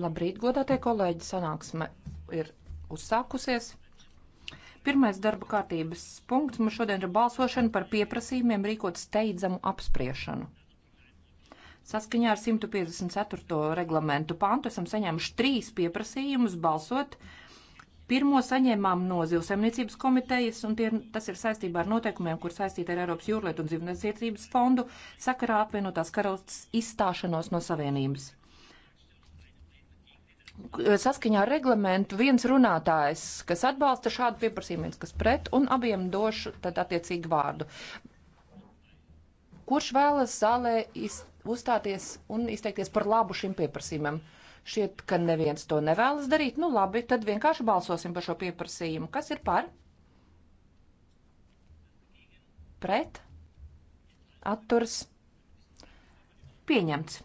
Labrīt, godātie kolēģi, sanāksme ir uzsākusies. Pirmais darba kārtības punkts mums šodien ir balsošana par pieprasījumiem rīkot steidzamu apspriešanu. Saskaņā ar 154. reglamentu pantu esam saņēmuši trīs pieprasījumus balsot uh, Pirmo saņēmām no Zilsaimniecības komitejas, un tie, tas ir saistībā ar noteikumiem, kur saistīta ar Eiropas jūrlietu un zivniecības fondu sakarā apvienotās karalists izstāšanos no Savienības. Saskaņā ar reglamentu viens runātājs, kas atbalsta šādu pieprasījumu, viens kas pret, un abiem došu tad attiecīgi vārdu. Kurš vēlas zālē iz, uzstāties un izteikties par labu šim pieprasījumam? Šķiet, ka neviens to nevēlas darīt. Nu labi, tad vienkārši balsosim par šo pieprasījumu. Kas ir par? Pret? Atturs? Pieņemts.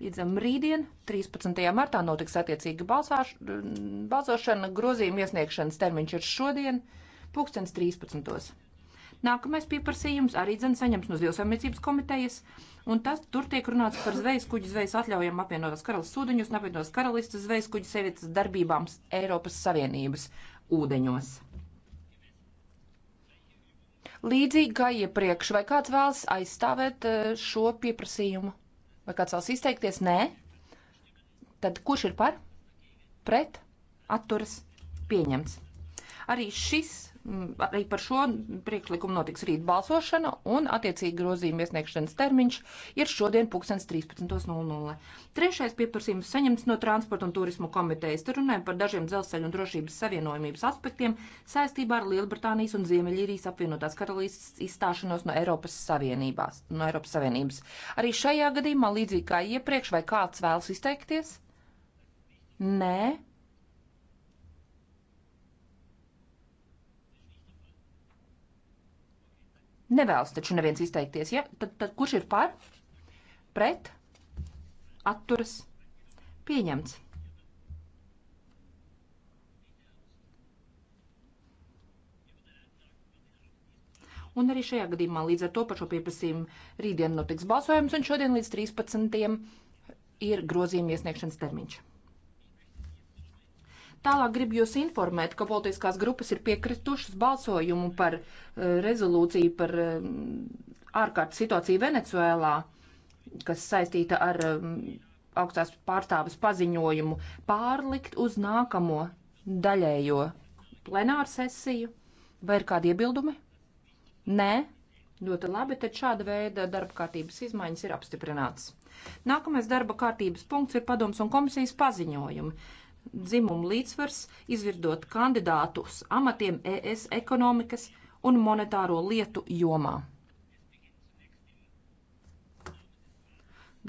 Līdzam rītdien, 13. martā, notiks attiecīga balsāš, balsošana. Grozījuma iesniegšanas termiņš ir šodien, 2013. Nākamais pieprasījums arī dzen saņems no Zilsaimniecības komitejas Un tas tur tiek runāts par zvejas kuģu zvejas atļaujām apvienotās karalas ūdeņos un apvienotās karalistas zvejas kuģu sievietes darbībām Eiropas Savienības ūdeņos. Līdzīgi kā iepriekš, vai kāds vēlas aizstāvēt eh, šo pieprasījumu? Vai kāds vēlas izteikties? Nē. Tad kurš ir par? Pret? Atturas? Pieņemts. Arī šis Mm, arī par šo priekšlikumu notiks rīt balsošana, un attiecīgi grozījuma iesniegšanas termiņš ir šodien 13.00. Trešais pieprasījums saņemts no Transporta un Turismu komitejas. Tur runājam par dažiem dzelzceļu un drošības savienojumības aspektiem saistībā ar Lielbritānijas un Ziemeļīrijas apvienotās karalīstas izstāšanos no Eiropas, Savienībās, no Eiropas Savienības. Arī šajā gadījumā, līdzīgi kā iepriekš, vai kāds vēlas izteikties? Nē. Nevēlas taču neviens izteikties, ja? Tad, tad kurš ir par? Pret? Atturas? Pieņemts. Un arī šajā gadījumā līdz ar to par šo pieprasījumu rītdien notiks balsojums, un šodien līdz 13. ir grozījuma iesniegšanas termiņš. Tālāk gribu jūs informēt, ka politiskās grupas ir piekritušas balsojumu par uh, rezolūciju par uh, ārkārtas situāciju Venecuēlā, kas saistīta ar um, augstās pārstāvis paziņojumu, pārlikt uz nākamo daļējo plenāru sesiju. Vai ir kādi iebildumi? Nē, ļoti labi, tad šāda veida darba kārtības izmaiņas ir apstiprināts. Nākamais darba kārtības punkts ir padoms un komisijas paziņojumi dzimumu līdzsvars, izvirdot kandidātus amatiem ES ekonomikas un monetāro lietu jomā.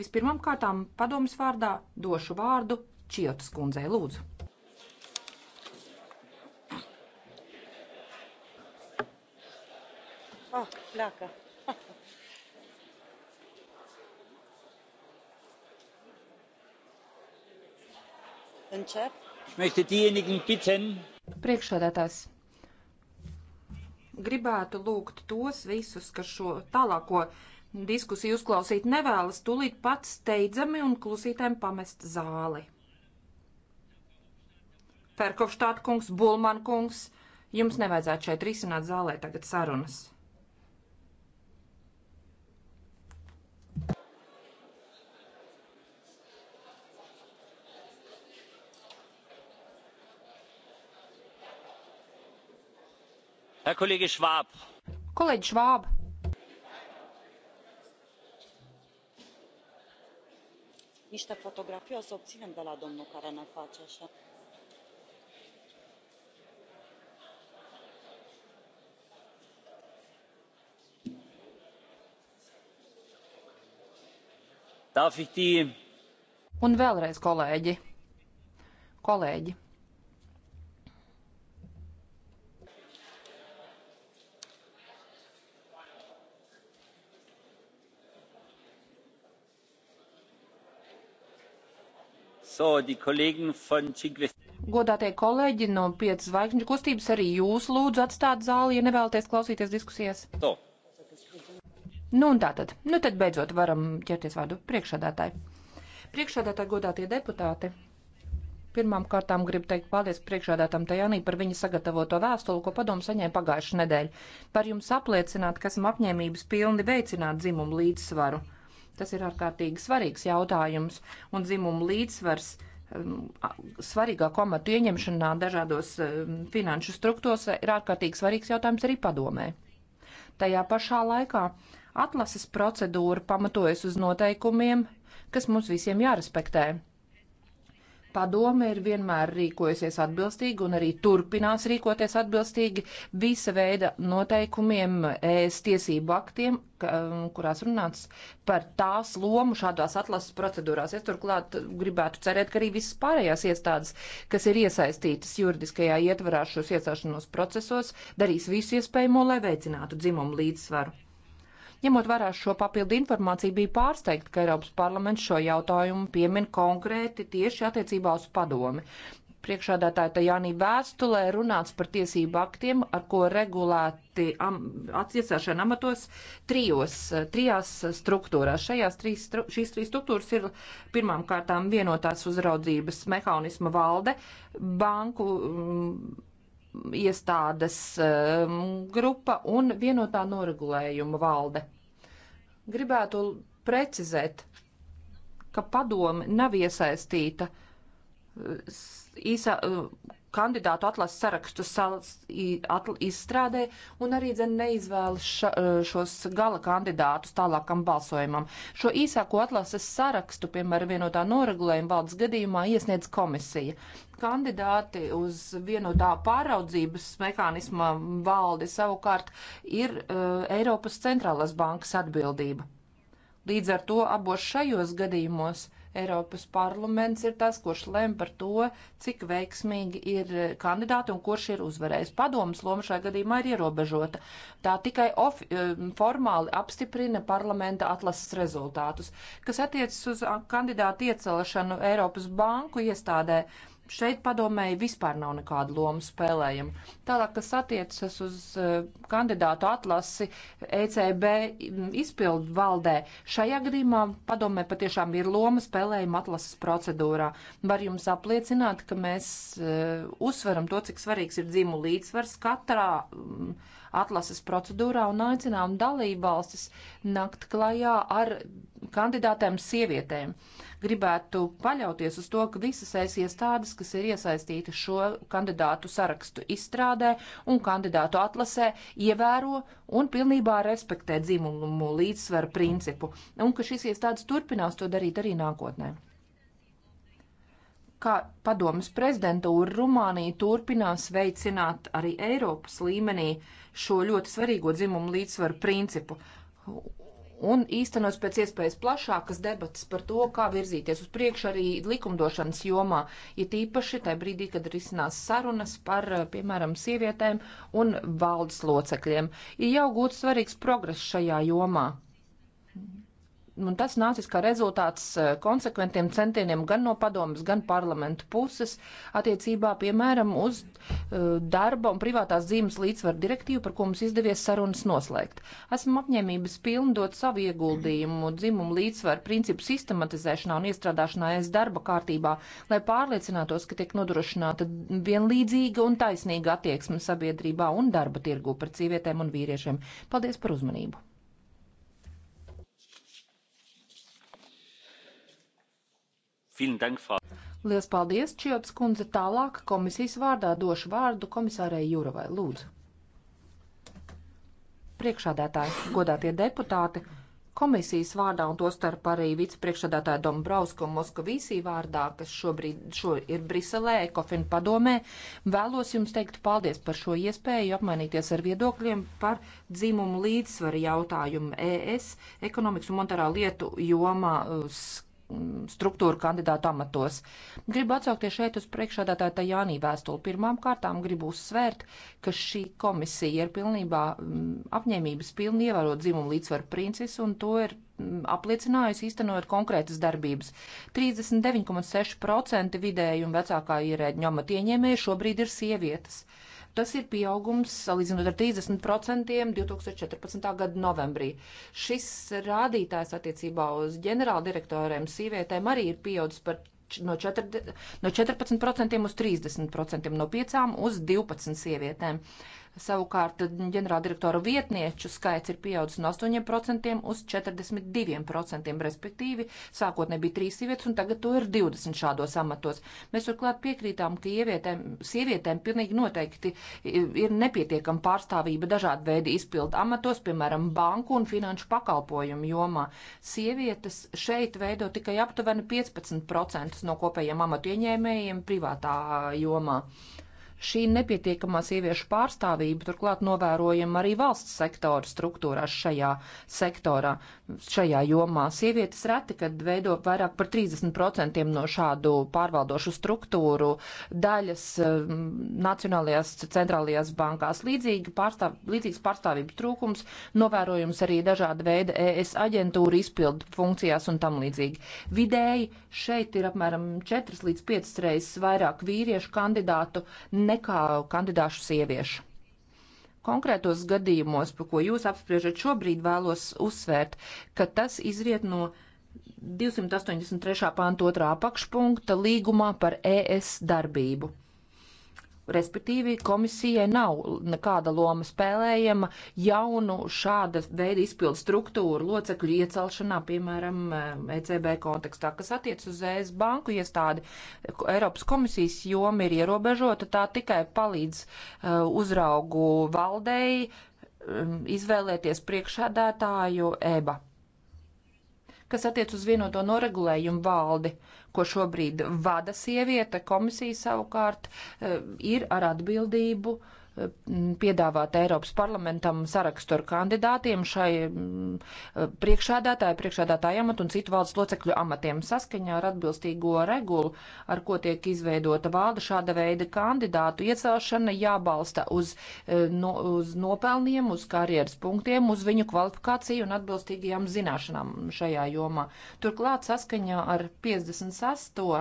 Vispirmām kārtām padomas vārdā došu vārdu Čiotas kundzei lūdzu. Ah, oh, plaka. Priekšsādātājs. Gribētu lūgt tos visus, kas šo tālāko diskusiju uzklausīt nevēlas, tūlīt pat steidzami un klusītēm pamest zāli. Ferkovštāt kungs, Bulman kungs, jums nevajadzētu šeit risināt zālē tagad sarunas. Herr Kollege Schwab. Kolēģi Švāb. Niște fotografii o să obținem de la domnul care ne face așa. Un vēlreiz, kolēģi. Kolēģi. So, Godātie kolēģi no Piecu zvaigžņu kustības, arī jūs lūdzu atstāt zāli, ja nevēlaties klausīties diskusijās. So. Nu un tā tad. Nu tad beidzot varam ķerties vārdu priekšādātāji. Priekšādātāji, godātie deputāti. Pirmām kārtām gribu teikt paldies priekšādātam Tajānī par viņa sagatavoto vēstuli, ko padomu saņēma pagājušu nedēļu. Par jums apliecināt, ka esam apņēmības pilni veicināt dzimumu līdzsvaru Tas ir ārkārtīgi svarīgs jautājums un dzimumu līdzsvars um, svarīgāko amatu ieņemšanā dažādos um, finanšu struktūros ir ārkārtīgi svarīgs jautājums arī padomē. Tajā pašā laikā atlases procedūra pamatojas uz noteikumiem, kas mums visiem jārespektē Padome ir vienmēr rīkojusies atbilstīgi un arī turpinās rīkoties atbilstīgi visa veida noteikumiem, ES tiesību aktiem, um, kurās runāts par tās lomu šādās atlases procedūrās. Es turklāt gribētu cerēt, ka arī visas pārējās iestādes, kas ir iesaistītas juridiskajā ietvarā šos iestāšanos procesos, darīs visu iespējamo, lai veicinātu dzimumu līdzsvaru. Ņemot vērā šo papildu informāciju, bija pārsteigta, ka Eiropas parlaments šo jautājumu piemin konkrēti tieši attiecībā uz padomi. Priekšādātāja Tajānī vēstulē runāts par tiesību aktiem, ar ko regulēti am, atsiesāšana amatos trijos, trijās struktūrās. Šajās trīs, stru, šīs trīs struktūras ir pirmām kārtām vienotās uzraudzības mehānisma valde, banku. Mm, iestādes um, grupa un vienotā noregulējuma valde. Gribētu precizēt, ka padome nav iesaistīta uh, īsā kandidātu atlases sarakstu izstrādē un arī dzen neizvēlas e, šos gala kandidātus tālākam balsojumam. Šo īsāko atlases sarakstu, piemēram, vienotā noregulējuma valdes gadījumā iesniedz komisija. Kandidāti uz vienotā pāraudzības mehānisma valdi savukārt ir uh, Eiropas centrālās bankas atbildība. Līdz ar to abos šajos gadījumos uh, Eiropas parlaments ir tas, kurš lem par to, cik veiksmīgi ir eh, kandidāti un kurš ir uzvarējis. Padomas loma šajā gadījumā ir ierobežota. Tā tikai of, eh, formāli apstiprina parlamenta atlases rezultātus. Kas attiecas uz kandidātu iecelšanu Eiropas banku iestādē, uh, šeit padomēji vispār nav nekāda loma spēlējama. Tālāk, kas attiecas uz eh, kandidātu atlasi ECB mm, izpildu valdē, šajā gadījumā padomē patiešām ir loma spēlējama atlases procedūrā. Var jums apliecināt, ka mēs eh, uzsveram to, cik svarīgs ir dzimu līdzsvars katrā mm, atlases procedūrā un aicinām dalībvalstis nakt klajā ar kandidātēm sievietēm. Gribētu paļauties uz to, ka visas es iestādes, kas ir iesaistīti šo kandidātu sarakstu izstrādē un kandidātu atlasē, ievēro un pilnībā respektē dzimumu līdzsvaru principu, un ka šīs iestādes turpinās to darīt arī nākotnē kā padomas prezidentūra Rumānija turpinās veicināt arī Eiropas līmenī šo ļoti svarīgo dzimumu līdzsvaru principu un īstenos pēc iespējas plašākas debatas par to, kā virzīties uz priekšu arī likumdošanas jomā, ja tīpaši tajā brīdī, kad risinās sarunas par, piemēram, sievietēm un valdes locekļiem. Ir jau gūts svarīgs progress šajā jomā un tas nācis kā rezultāts eh, konsekventiem centieniem gan no padomas, gan parlamentu puses attiecībā, piemēram, uz eh, darba un privātās dzīves līdzsvaru direktīvu, par ko mums izdevies sarunas noslēgt. Esmu apņēmības pilni dot savu ieguldījumu dzimumu līdzsvaru principu sistematizēšanā un iestrādāšanā es darba kārtībā, lai pārliecinātos, ka tiek nodrošināta vienlīdzīga un taisnīga attieksme sabiedrībā un darba tirgu par sievietēm un vīriešiem. Paldies par uzmanību! Lielas paldies, Čiots kundze. Tālāk komisijas vārdā došu vārdu komisārai Juravai. Lūdzu. Priekšādētāji, godātie deputāti, komisijas vārdā un tostarp arī vicepriekšādātāja Dombrovska un Moskavīsī vārdā, kas šobrīd šo ir Briselē, Ekofin padomē, vēlos jums teikt paldies par šo iespēju apmainīties ar viedokļiem par dzimumu līdzsvaru jautājumu ES ekonomikas un monetārā lietu jomā. Uh, struktūru kandidātu amatos. Gribu atsaukties šeit uz priekšādātāja Tajānī vēstuli. Pirmām kārtām gribu uzsvērt, ka šī komisija ir pilnībā mm, apņēmības pilni ievērot dzimumu līdzsvaru princis, un to ir mm, apliecinājusi īstenojot konkrētas darbības. 39,6% vidēju un vecākā ierēģņa amata ieņēmēji šobrīd ir sievietes. Uh, Tas ir pieaugums salīdzinot ar 30% 2014. gada novembrī. Šis rādītājs attiecībā uz ģenerāldirektoriem sīvietēm arī ir pieaudzis par no, 4, no 14% uz 30%, no 5 uz 12 sievietēm. Savukārt ģenerāldirektora vietnieču skaits ir pieaudzis no 8% uz 42%, respektīvi sākotnēji bija 3 sievietes un tagad to ir 20 šādos amatos. Mēs turklāt piekrītām, ka ievietēm, sievietēm pilnīgi noteikti ir nepietiekama pārstāvība dažādi veidi izpildu amatos, piemēram, banku un finanšu pakalpojumu jomā. Sievietes šeit veido tikai aptuveni 15% no kopējiem amatu ieņēmējiem privātā jomā. Uh, Šī nepietiekamā sieviešu pārstāvība turklāt novērojama arī valsts sektora struktūrās šajā sektorā, šajā jomā. Sievietes reti, kad veido vairāk par 30% no šādu pārvaldošu struktūru daļas um, Nacionālajās centrālajās bankās. Līdzīgi pārstāv, līdzīgs pārstāvības trūkums novērojums arī dažāda veida ES aģentūra izpildu funkcijās un tam līdzīgi. Vidēji šeit ir apmēram 4 līdz 5 reizes vairāk vīriešu kandidātu nekā kandidāšu sieviešu. Konkrētos gadījumos, par ko jūs apspriežat šobrīd, vēlos uzsvērt, ka tas izriet no 283. pānta otrā apakšpunkta līgumā par ES darbību. Respektīvi, komisijai nav nekāda loma spēlējama jaunu šāda veida izpildu struktūru locekļu iecelšanā, piemēram, ECB kontekstā, kas attiec uz ES banku iestādi. Eiropas komisijas joma ir ierobežota, tā tikai palīdz uh, uzraugu valdei um, izvēlēties priekšādātāju EBA kas attiec uz vienoto noregulējumu valdi, ko šobrīd vada sieviete, komisija savukārt eh, ir ar atbildību uh, piedāvāt Eiropas parlamentam sarakstu ar kandidātiem šai priekšādātāju, priekšādātāju amatu un citu valdes locekļu amatiem saskaņā ar atbilstīgo regulu, ar ko tiek izveidota valda šāda veida kandidātu iecelšana jābalsta uz, e, no, uz nopelniem, uz karjeras punktiem, uz viņu kvalifikāciju un atbilstīgajām zināšanām šajā jomā. Turklāt saskaņā ar 56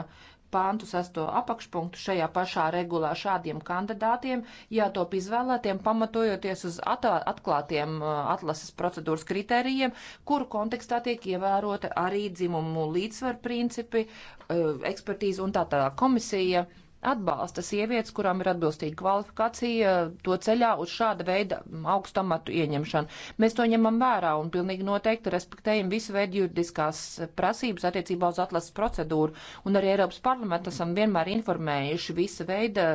pāntu sesto apakšpunktu šajā pašā regulā šādiem kandidātiem jātop izvēlētiem pamatojoties uz atklātiem uh, atlases procedūras kritērijiem, kuru kontekstā tiek ievērota arī dzimumu līdzsvar principi, uh, ekspertīze un tā tālāk komisija atbalsta sievietes, kurām ir atbilstīga kvalifikācija, to ceļā uz šāda veida augstu amatu ieņemšanu. Mēs to ņemam vērā un pilnīgi noteikti respektējam visu veidu juridiskās prasības attiecībā uz atlases procedūru. Un arī Eiropas parlamentu esam vienmēr informējuši visa veida,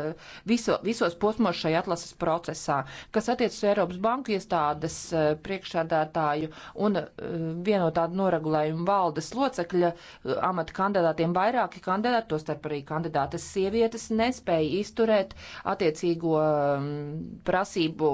viso, visos posmos šai atlases procesā, kas attiecas uz Eiropas banku iestādes eh, priekšādātāju un eh, vienotā noregulējuma valdes locekļa eh, amata kandidātiem vairāki kandidāti, to starp arī kandidātas sievietes vietas nespēja izturēt attiecīgo um, prasību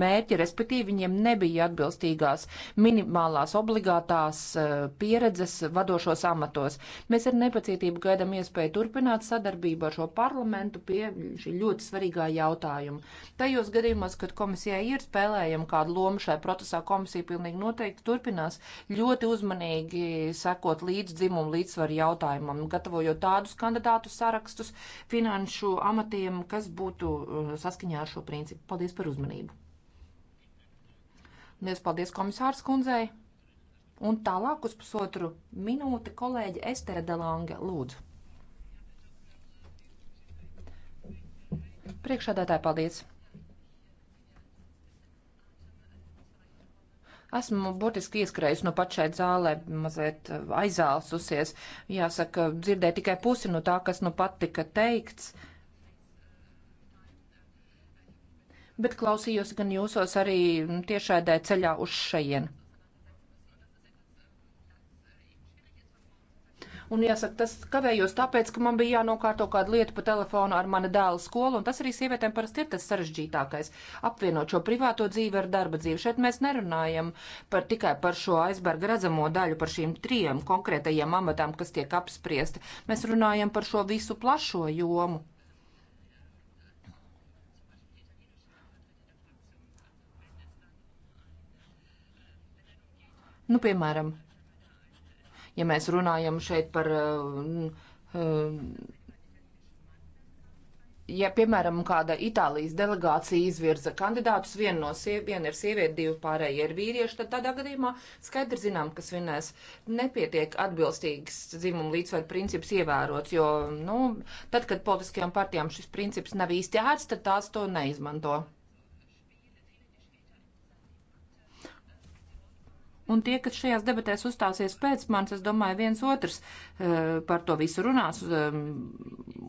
mērķi, respektīvi viņiem nebija atbilstīgās minimālās obligātās eh, pieredzes vadošos amatos. Mēs ar nepacietību gaidām iespēju turpināt sadarbību ar šo parlamentu pie šī ļoti svarīgā jautājuma. Tajos gadījumos, kad komisijai ir spēlējama kāda loma šai procesā, komisija pilnīgi noteikti turpinās ļoti uzmanīgi sekot līdz dzimumu līdzsvaru jautājumam, gatavojot tādus kandidātu sarakstus finanšu amatiem, kas būtu eh, saskaņā ar šo principu. Paldies par uzmanību! Lielas paldies komisārs kundzei. Un tālāk uz pusotru minūti kolēģi Estere Delange lūdzu. Priekšādātāji, paldies! Esmu burtiski ieskrējusi no pašai zālē, mazliet uh, aizālsusies. Jāsaka, dzirdēju tikai pusi no tā, kas nu pat tika teikts. Uh, bet klausījos gan jūsos arī tiešādē ceļā uz šajien. Un jāsaka, tas kavējos tāpēc, ka man bija jānokārto kāda lieta pa telefonu ar mana dēla skolu, un tas arī sievietēm parasti ir tas sarežģītākais - apvienot šo privāto dzīvi ar darba dzīvi. Šeit mēs nerunājam par, tikai par šo aizberga redzamo daļu, par šīm trijām konkrētajām amatām, kas tiek apspriesti. Mēs runājam par šo visu plašo jomu. Nu, piemēram, ja mēs runājam šeit par, uh, uh, ja, piemēram, kāda Itālijas delegācija izvirza kandidātus, viena no sievietēm ir sieviete, divi pārējie ir vīrieši, tad tādā gadījumā skaidri zinām, ka svinēs nepietiek atbilstīgs dzimuma līdzsvaru princips ievērots, jo, nu, tad, kad politiskajām partijām šis princips nav īsti ērts, tad tās to neizmanto. Un tie, kas šajās debatēs uzstāsies pēc manis, es domāju, viens otrs eh, par to visu runās. Ehm,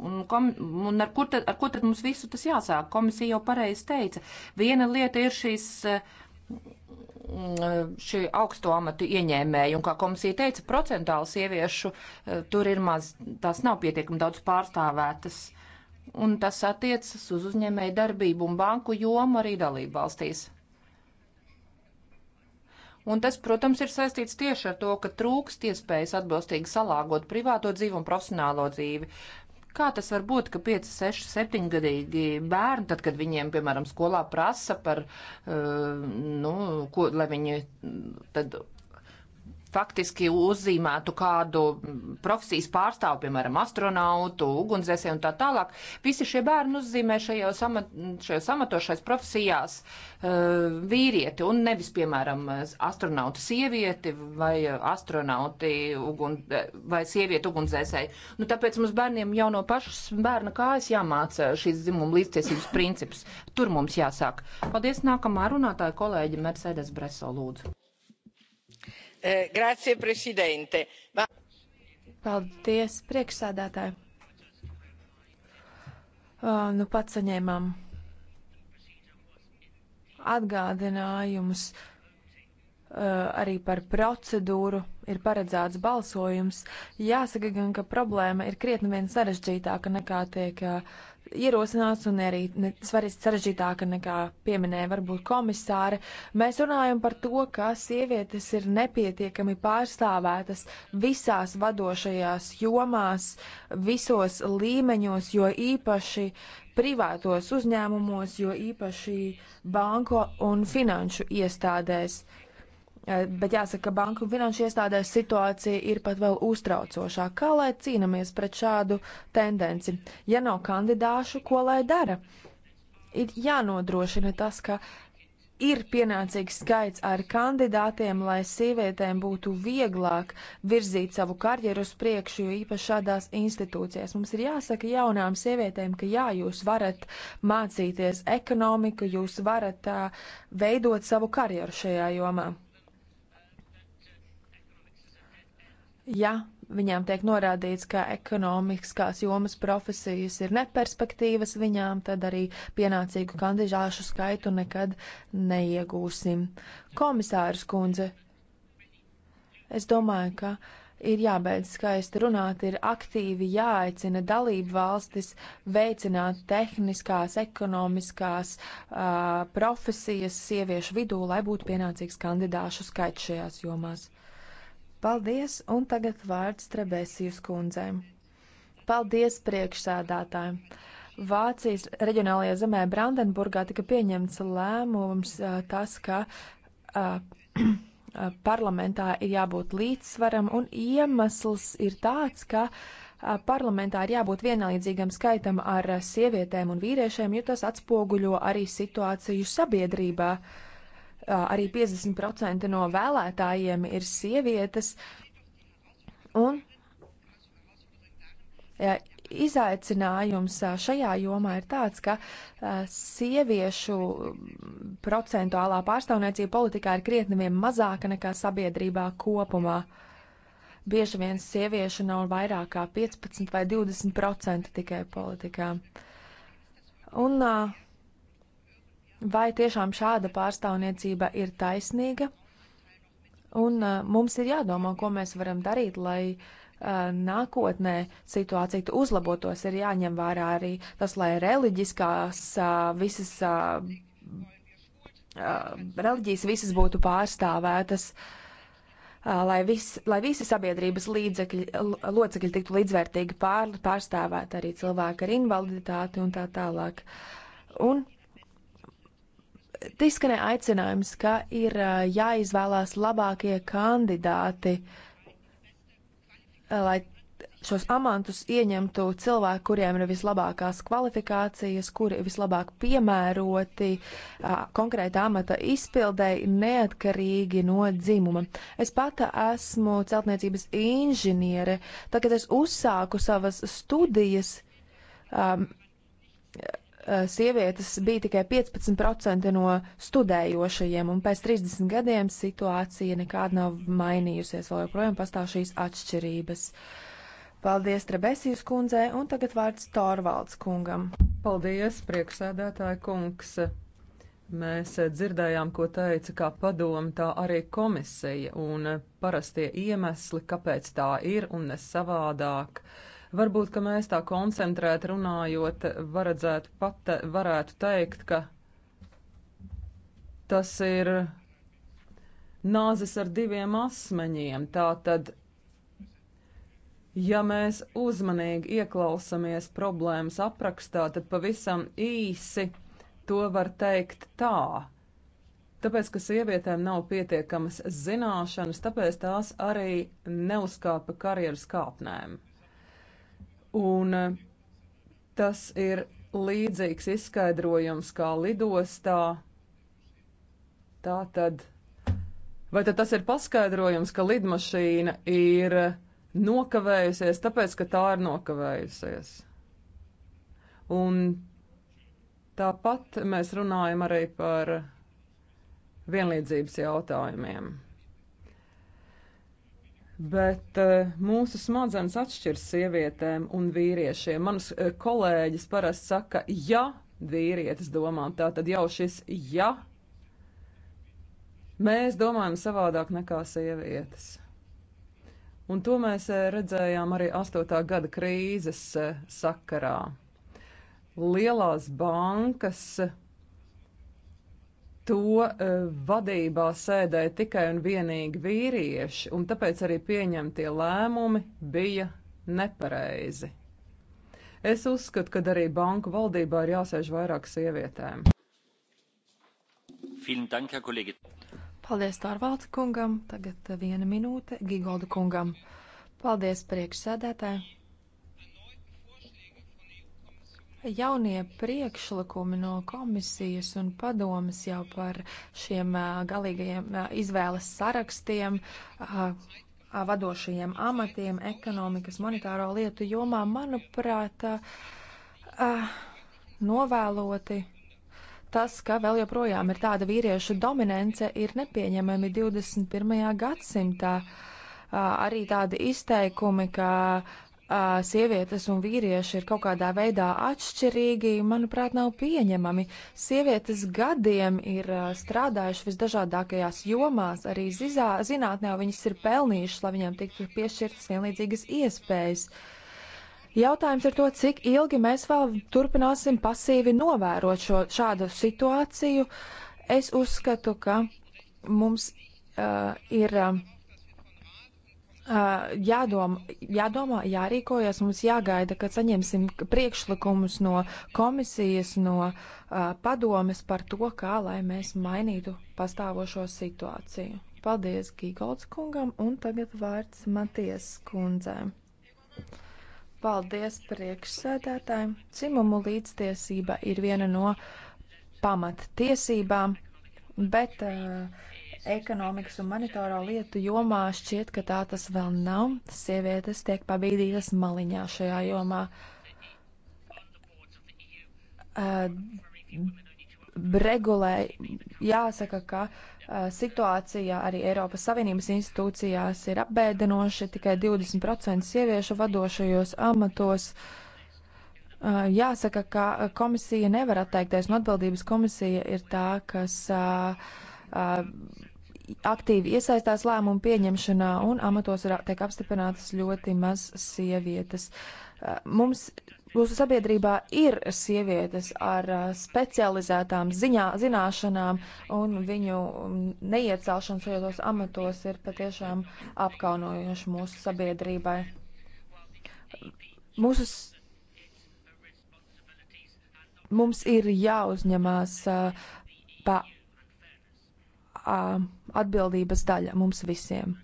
un, kom, un ar, kur tad, ar ko tad mums visu tas jāsāk? Komisija jau pareizi teica. Viena lieta ir šīs eh, mm, šī augsto amatu ieņēmēji, un kā komisija teica, procentāli sieviešu eh, tur ir maz, tās nav pietiekami daudz pārstāvētas. Un tas attiecas uz uzņēmēju darbību un banku jomu arī dalību valstīs. Un tas, protams, ir saistīts tieši ar to, ka trūkst iespējas atbilstīgi salāgot privāto dzīvi un profesionālo dzīvi. Kā tas var būt, ka 5, 6, 7 gadīgi bērni, tad, kad viņiem, piemēram, skolā prasa par, eh, nu, ko, lai viņi tad faktiski uzzīmētu kādu profesijas pārstāvu, piemēram, astronautu, ugunsdzēsēju un tā tālāk. Visi šie bērni uzzīmē šajos, amat, šajos amatošais profesijās uh, vīrieti un nevis, piemēram, astronautu sievieti vai astronauti ugun, vai sievieti ugunsdzēsēji. Nu, tāpēc mums bērniem jau no pašas bērna kājas jāmāca šīs dzimuma līdztiesības principus. Tur mums jāsāk. Paldies, nākamā runātāja kolēģi Mercedes Breso lūdzu. Eh, grazie, prezidente. Paldies, priekšsādātāji. Uh, ah, nu pat saņēmām atgādinājumus uh, Eh, arī par procedūru ir paredzēts balsojums. Jāsaka gan, ka problēma ir krietni vien sarežģītāka nekā tiek eh, ierosināts un arī ne, sarežģītāka nekā pieminēja varbūt komisāre. Mēs runājam par to, ka sievietes ir nepietiekami pārstāvētas visās vadošajās jomās, visos līmeņos, jo īpaši privātos uzņēmumos, jo īpaši banko un finanšu iestādēs. Uh, Eh, bet jāsaka, ka banku un finanšu iestādēs situācija ir pat vēl uztraucošāka. Kā lai cīnāmies pret šādu tendenci? Ja nav kandidāšu, ko lai dara? Ir jānodrošina tas, ka ir pienācīgs skaits ar kandidātiem, lai sievietēm būtu vieglāk virzīt savu karjeru uz priekšu, jo īpaši šādās institūcijās. Mums ir jāsaka jaunām sievietēm, ka jā, jūs varat mācīties ekonomiku, jūs varat uh, veidot savu karjeru šajā jomā. ja viņām tiek norādīts, ka ekonomiskās jomas profesijas ir neperspektīvas viņām, tad arī pienācīgu kandidāšu skaitu nekad neiegūsim. Komisārs kundze, es domāju, ka ir jābeidz skaisti runāt, ir aktīvi jāaicina dalību valstis veicināt tehniskās, ekonomiskās uh, profesijas sieviešu vidū, lai būtu pienācīgs kandidāšu skaits šajās jomās. Paldies, un tagad vārds Trebēsijas kundzēm. Paldies priekšsēdātājiem! Vācijas reģionālajā zemē Brandenburgā tika pieņemts lēmums tas, ka uh, parlamentā ir jābūt līdzsvaram, un iemesls ir tāds, ka parlamentā ir jābūt vienalīdzīgam skaitam ar sievietēm un vīriešiem, jo tas atspoguļo arī situāciju sabiedrībā. Uh, arī 50% no vēlētājiem ir sievietes. Un izaicinājums šajā jomā ir tāds, ka sieviešu procentuālā pārstāvniecība politikā ir krietni vien mazāka nekā sabiedrībā kopumā. Bieži vien sieviešu nav vairāk kā 15 vai 20 procenti tikai politikā. Un uh, vai tiešām šāda pārstāvniecība ir taisnīga. Un uh, mums ir jādomā, ko mēs varam darīt, lai uh, nākotnē situācija uzlabotos. Ir jāņem vērā arī tas, lai reliģiskās uh, visas. Uh, Uh, reliģijas visas būtu pārstāvētas, uh, lai, vis, lai visi sabiedrības līdzekļi, locekļi tiktu līdzvērtīgi pār, pārstāvēti arī cilvēki ar invaliditāti un tā tālāk. Un Te izskanēja aicinājums, ka ir jāizvēlās labākie kandidāti, lai šos amatus ieņemtu cilvēki, kuriem ir vislabākās kvalifikācijas, kuri ir vislabāk piemēroti konkrēta amata izpildēji, neatkarīgi no dzimuma. Es pati esmu celtniecības inženiere. Tagad es uzsāku savas studijas. Um, Eh, sievietes bija tikai 15% no studējošajiem, un pēc 30 gadiem situācija nekāda nav mainījusies. Vēl joprojām pastāv šīs atšķirības. Paldies Trebesijas kundzei, un tagad vārds Torvalds kungam. Paldies, prieksēdētāja kungs. Mēs dzirdējām, ko teica kā padoma, tā arī komisija, un parastie iemesli, kāpēc tā ir un ne savādāk. Uh, Varbūt, ka mēs tā koncentrēt runājot, varētu, pat, varētu teikt, ka tas ir nāzes ar diviem asmeņiem. Tātad, ja mēs uzmanīgi ieklausāmies problēmas aprakstā, tad pavisam īsi to var teikt tā. Tāpēc, ka sievietēm nav pietiekamas zināšanas, tāpēc tās arī neuzkāpa karjeras kāpnēm. Un eh, tas ir līdzīgs izskaidrojums kā lidostā. Tā tad, vai tad tas ir paskaidrojums, ka lidmašīna ir nokavējusies, tāpēc, ka tā ir nokavējusies? Un tāpat mēs runājam arī par vienlīdzības jautājumiem. Bet uh, mūsu smadzenes atšķiras sievietēm un vīriešiem. Mans uh, eh, kolēģis parasti saka, ja vīrietis domā, tā tad jau šis ja. Mēs domājam savādāk nekā sievietes. Un to mēs uh, redzējām arī 8. gada krīzes sakarā. Lielās bankas to e, vadībā sēdēja tikai un vienīgi vīrieši, un tāpēc arī pieņemtie lēmumi bija nepareizi. Es uzskatu, ka arī banku valdībā ir jāsēž vairāk sievietēm. Paldies Tārvalda kungam, tagad viena minūte Gigolda kungam. Paldies priekšsēdētāji! Jaunie priekšlikumi no komisijas un padomas jau par šiem galīgajiem izvēles sarakstiem, vadošajiem amatiem, ekonomikas, monetāro lietu jomā, manuprāt, novēloti. Tas, ka vēl joprojām ir tāda vīriešu dominance, ir nepieņemami 21. gadsimtā. Arī tādi izteikumi, ka uh, sievietes un vīrieši ir kaut kādā veidā atšķirīgi, manuprāt, nav pieņemami. Sievietes gadiem ir strādājuši visdažādākajās jomās, arī zizā, zinātnē viņas ir pelnījušas, lai viņām tiktu piešķirtas vienlīdzīgas iespējas. Jautājums ir to, cik ilgi mēs vēl turpināsim pasīvi novērot šo šādu situāciju. Es uzskatu, ka mums uh, ir. Uh, Uh, jādom, jādomā, jārīkojas, mums jāgaida, kad saņemsim priekšlikumus no komisijas, no uh, padomes par to, kā lai mēs mainītu pastāvošo situāciju. Paldies Gigolds kungam un tagad vārds Maties kundzēm. Paldies priekšsēdētājiem. Cimumu līdztiesība ir viena no pamattiesībām, bet uh, ekonomikas un monetāro lietu jomā šķiet, ka tā tas vēl nav. Sievietes tiek pabīdītas maliņā šajā jomā. Uh, regulē, jāsaka, ka uh, situācija arī Eiropas Savienības institūcijās ir apbēdinoša, tikai 20% sieviešu vadošajos amatos. Uh, jāsaka, ka komisija nevar atteikties no atbildības. Komisija ir tā, kas. Uh, uh, aktīvi iesaistās lēmumu pieņemšanā, un amatos ir, tiek apstiprinātas ļoti maz sievietes. Mums Mūsu sabiedrībā ir sievietes ar specializētām ziņā, zināšanām, un viņu neiecelšana šajos amatos ir patiešām apkaunojoša mūsu sabiedrībai. Mūsu, mums ir jāuzņemās pa atbildības daļa mums visiem.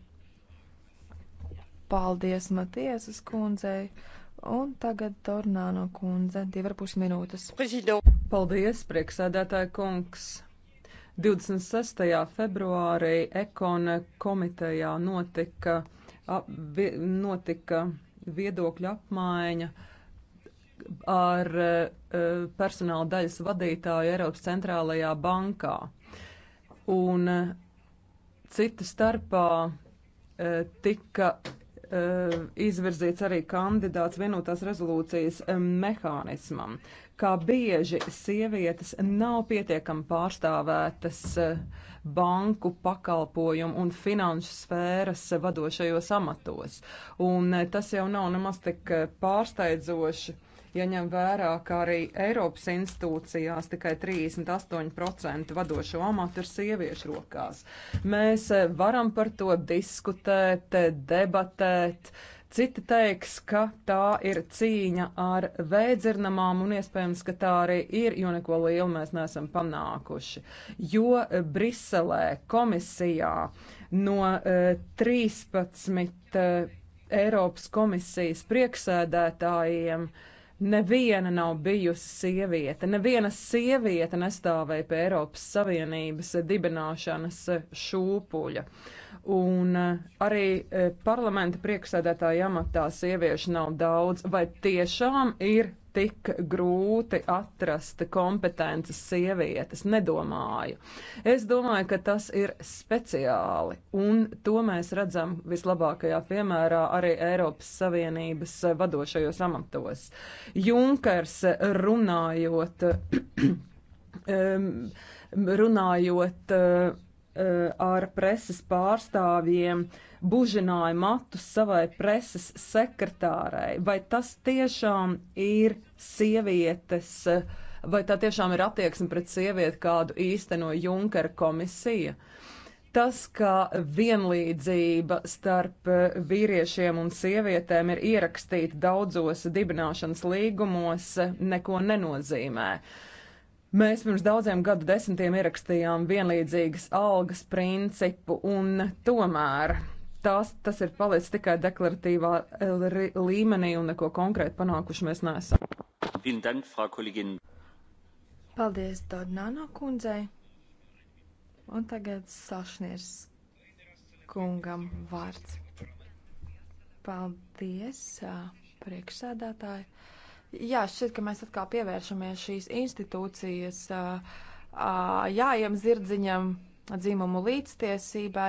Paldies Matiesas kundzei un tagad Tornāno kundze, divi ar pus minūtes. Paldies, prieksēdētāja kungs! 26. februārī Ekona komitejā notika, ap, vi, notika viedokļa apmaiņa ar uh, personāla daļas vadītāju Eiropas centrālajā bankā un eh, citu starpā eh, tika eh, izvirzīts arī kandidāts vienotās rezolūcijas mehānismam, kā bieži sievietes nav pietiekami pārstāvētas banku pakalpojumu un finanšu sfēras vadošajos amatos. Un tas jau nav nemaz tik pārsteidzoši ja ņem vērā, ka arī Eiropas institūcijās tikai 38% vadošo amatu ir sieviešu rokās. Mēs eh, varam par to diskutēt, debatēt. Citi teiks, ka tā ir cīņa ar vēdzirnamām, un iespējams, ka tā arī ir, jo neko lielu mēs neesam panākuši. Jo eh, Briselē komisijā no uh, 13 uh, Eiropas komisijas priekšsēdētājiem uh, Neviena nav bijusi sieviete, neviena sieviete nestāvēja pie Eiropas Savienības dibināšanas šūpuļa. Un eh, arī eh, parlamenta priekšsēdētāja amatā sieviešu nav daudz, vai tiešām ir tik grūti atrast kompetences sievietes. Nedomāju. Es domāju, ka tas ir speciāli, un to mēs redzam vislabākajā piemērā arī Eiropas Savienības vadošajos amatos. Junkers runājot. runājot Eh, ar preses pārstāvjiem bužināja matus savai preses sekretārai. Vai tas tiešām ir sievietes, eh, vai tā tiešām ir attieksme pret sievieti, kādu īsteno Junkera komisija? Tas, ka vienlīdzība starp eh, vīriešiem un sievietēm ir ierakstīta daudzos dibināšanas līgumos, neko nenozīmē. Uh, Mēs pirms daudziem gadu desmitiem ierakstījām vienlīdzīgas algas principu, un tomēr tās, tas ir palicis tikai deklaratīvā eh, līmenī, un neko konkrēti panākuši mēs neesam. Paldies Dornāno kundzei, un tagad Sašniers kungam vārds. Paldies, priekšsēdētāji. Jā, šķiet, ka mēs atkal pievēršamies šīs institūcijas jājiem zirdziņam, dzimumu līdztiesībai,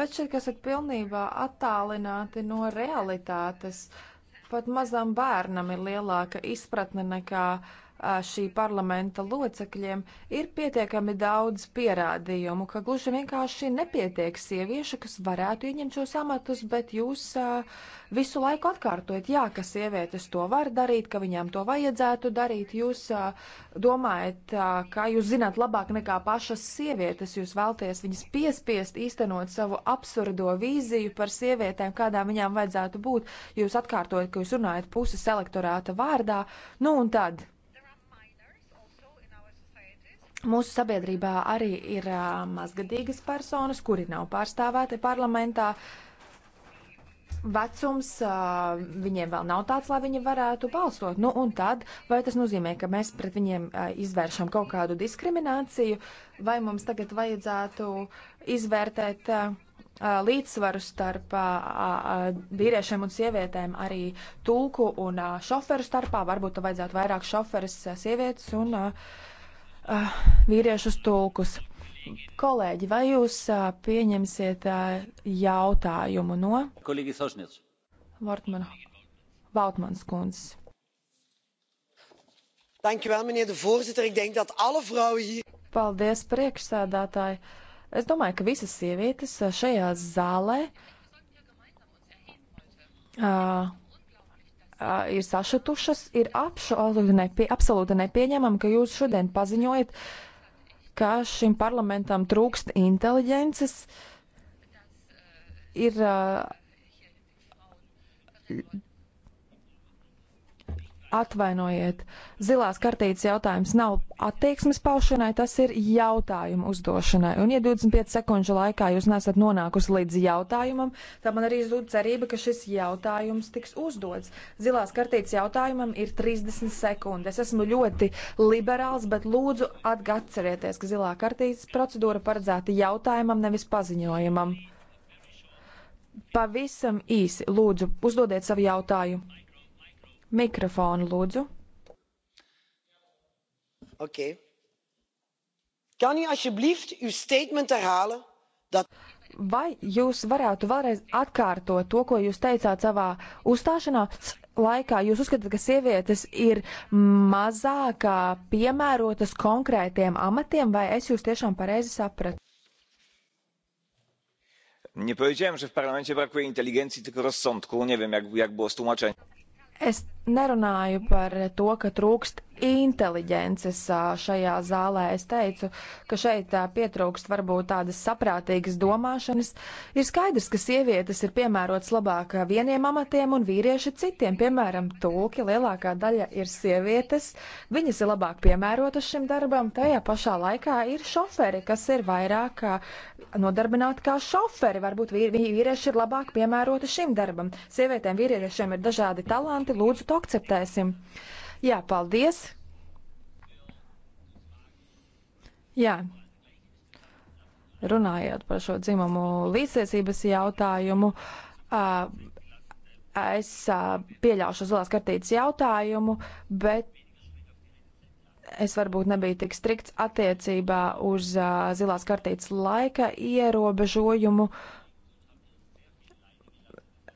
bet šķiet, ka esat pilnībā attālināti no realitātes. Pat mazam bērnam ir lielāka izpratne nekā uh, šī parlamenta locekļiem ir pietiekami daudz pierādījumu, ka gluži vienkārši nepietiek sieviešu, kas varētu ieņemt šos amatus, bet jūs visu laiku atkārtojat, jā, ka sievietes to var darīt, ka viņām to vajadzētu darīt. Jūs domājat, ka jūs zināt labāk nekā pašas sievietes, jūs vēlties viņas piespiest īstenot savu absurdo vīziju par sievietēm, kādām viņām vajadzētu būt. Jūs atkārtojat, ka jūs runājat puses elektorāta vārdā, nu un tad Mūsu sabiedrībā arī ir mazgadīgas personas, kuri nav pārstāvēti parlamentā. Vecums viņiem vēl nav tāds, lai viņi varētu balsot. Nu, un tad, vai tas nozīmē, ka mēs pret viņiem izvēršam kaut kādu diskrimināciju, vai mums tagad vajadzētu izvērtēt līdzsvaru starp vīriešiem un sievietēm arī tulku un šoferu starpā. Varbūt vajadzētu vairāk šoferis sievietes un. A, uh, vīriešus tulkus. Kolēģi, vai jūs uh, pieņemsiet uh, jautājumu no? Kolēģis Sošņets. Vortmana. Vautmans kundzes. Dankjewel, meneer de voorzitter. Ik denk dat alle vrouwen hier. Paldies, priekšsēdētāji. Es domāju, ka visas sievietes šajā zālē. Uh, ir sašutušas, ir absolūti, nepie, absolūti nepieņemama, ka jūs šodien paziņojat, ka šim parlamentam trūkst inteliģences. Ir Atvainojiet, zilās kartītes jautājums nav attieksmes paušanai, tas ir jautājumu uzdošanai. Un, ja 25 sekundžu laikā jūs nesat nonākusi līdz jautājumam, tad man arī zūd cerība, ka šis jautājums tiks uzdots. Zilās kartītes jautājumam ir 30 sekundes. Es esmu ļoti liberāls, bet lūdzu atcerieties, ka zilā kartītes procedūra paredzēta jautājumam, nevis paziņojumam. Pavisam īsi, lūdzu, uzdodiet savu jautājumu. Mikrofonu lūdzu. Okay. Kan u alsjeblieft uw statement herhalen dat. Vai jūs varētu vēlreiz atkārtot to, ko jūs teicāt savā uzstāšanās laikā? Jūs uzskatāt, ka sievietes ir mazāk piemērotas konkrētiem amatiem, vai es jūs tiešām pareizi sapratu? Nie powiedziałem, że w parlamencie brakuje inteligencji, tylko rozsądku. Nie wiem, jak, jak było z tłumaczeniem. Es nerunāju par to, ka trūkst inteliģences šajā zālē. Es teicu, ka šeit pietrūkst varbūt tādas saprātīgas domāšanas. Ir skaidrs, ka sievietes ir piemērotas labāk vieniem amatiem un vīrieši citiem. Piemēram, tulki lielākā daļa ir sievietes. Viņas ir labāk piemērotas šim darbam. Tajā pašā laikā ir šoferi, kas ir vairāk nodarbināti kā šoferi. Varbūt vīri, vīrieši ir labāk piemēroti šim darbam. Sievietēm, vīriešiem ir dažādi talanti. Lūdzu, to akceptēsim. Jā, paldies. Jā. Runājot par šo dzimumu līdztiesības jautājumu, es pieļaušu zilās kartītes jautājumu, bet es varbūt nebiju tik strikts attiecībā uz zilās kartītes laika ierobežojumu. Uh,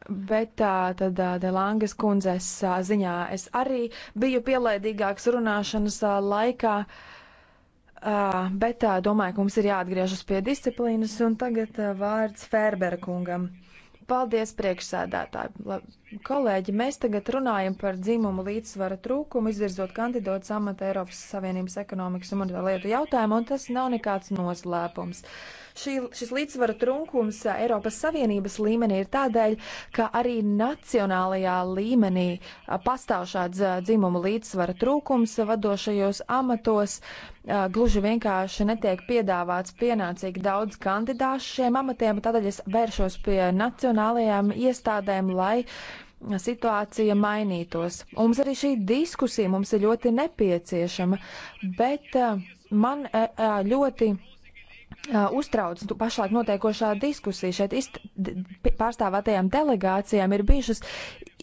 Bet tā tad Delangas kundzes ziņā es arī biju pielaidīgāks runāšanas laikā, bet domāju, ka mums ir jāatgriežas pie disciplīnas un tagad vārds Fērbera kungam. Paldies, priekšsēdētāji. Kolēģi, mēs tagad runājam par dzimumu līdzsvara trūkumu, izvirzot kandidātu samata Eiropas Savienības ekonomikas un monetāro lietu jautājumu, un tas nav nekāds noslēpums. Uh, Šī, šis līdzsvara trunkums eh, Eiropas Savienības līmenī ir tādēļ, ka arī nacionālajā līmenī eh, pastāv šāds eh, dzimumu līdzsvara trūkums vadošajos amatos. Gluži vienkārši netiek piedāvāts pienācīgi daudz kandidāšu šiem amatiem, tādēļ es vēršos pie nacionālajām iestādēm, lai situācija mainītos. Mums arī šī diskusija mums ir ļoti nepieciešama, bet man ļoti uztrauc pašlaik notiekošā diskusija. Šeit pārstāvētajām delegācijām ir bijušas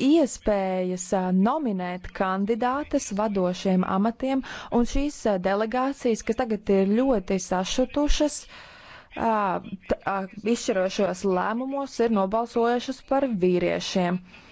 iespējas nominēt kandidātes vadošiem amatiem, un šīs delegācijas, kas tagad ir ļoti sašutušas, izšķirošos lēmumos ir nobalsojušas par vīriešiem. Uh,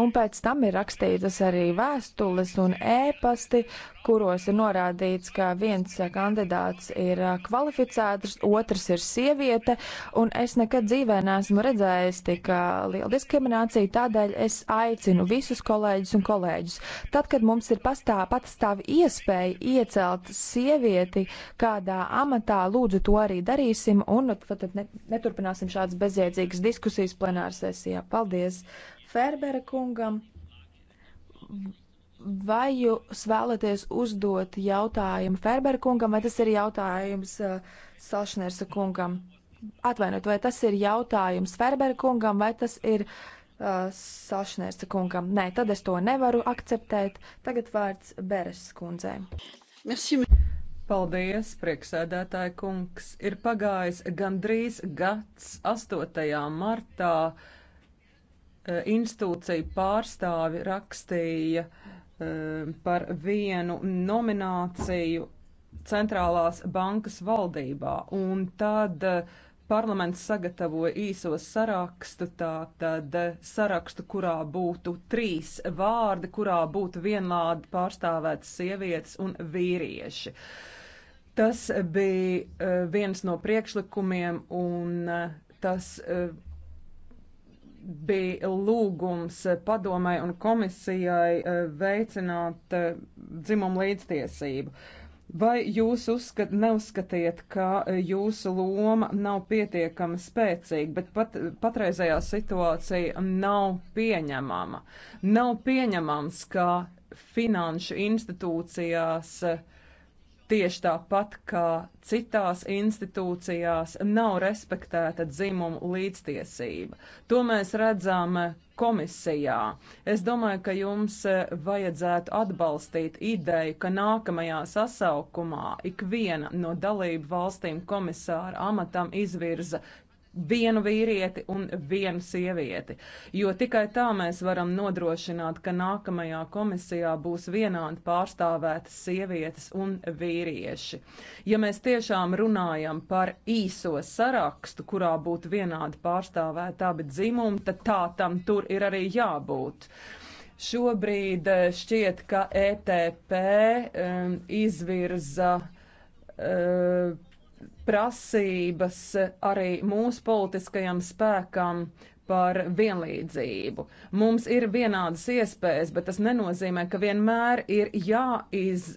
Un pēc tam ir rakstītas arī vēstules un ēpasti, kuros ir norādīts, ka viens kandidāts ir kvalificēts, otrs ir sieviete, un es nekad dzīvē neesmu redzējis tik lielu diskrimināciju, tādēļ es aicinu visus kolēģus un kolēģus. Tad, kad mums ir pastāv, patstāv iespēja iecelt sievieti kādā amatā, lūdzu to arī darīsim, un tad ne, neturpināsim šādas bezjēdzīgas diskusijas plenārsesijā. Paldies! Ferbera kungam. Vai jūs vēlaties uzdot jautājumu Ferbera kungam, vai tas ir jautājums uh, Salšnersa kungam? Atvainojiet, vai tas ir jautājums Ferbera kungam, vai tas ir uh, Salšnersa kungam? Nē, tad es to nevaru akceptēt. Tagad vārds Beres kundzei. Merci. Paldies, prieksēdētāja kungs. Ir pagājis gandrīz gads 8. martā Eh, institūciju pārstāvi rakstīja eh, par vienu nomināciju centrālās bankas valdībā, un tad eh, parlaments sagatavoja īso sarakstu, tātad sarakstu, kurā būtu trīs vārdi, kurā būtu vienlādi pārstāvētas sievietes un vīrieši. Tas bija viens no priekšlikumiem, un tas bija lūgums padomai un komisijai eh, veicināt eh, dzimumu līdztiesību. Vai jūs uzskat, neuzskatiet, ka eh, jūsu loma nav pietiekami spēcīga, bet pat, patreizējā situācija nav pieņemama? Nav pieņemams, ka finanšu institūcijās uh, Tieši tāpat kā citās institūcijās nav respektēta dzimuma līdztiesība. To mēs redzam komisijā. Es domāju, ka jums vajadzētu atbalstīt ideju, ka nākamajā sasaukumā ikviena no dalību valstīm komisāra amatam izvirza vienu vīrieti un vienu sievieti, jo tikai tā mēs varam nodrošināt, ka nākamajā komisijā būs vienādi pārstāvētas sievietes un vīrieši. Ja mēs tiešām runājam par īso sarakstu, kurā būtu vienādi pārstāvēti abi dzimumi, tad tā tam tur ir arī jābūt. Šobrīd eh, šķiet, ka ETP um, eh, izvirza uh, prasības arī mūsu politiskajam spēkam par vienlīdzību. Mums ir vienādas iespējas, bet tas nenozīmē, ka vienmēr ir jāiz,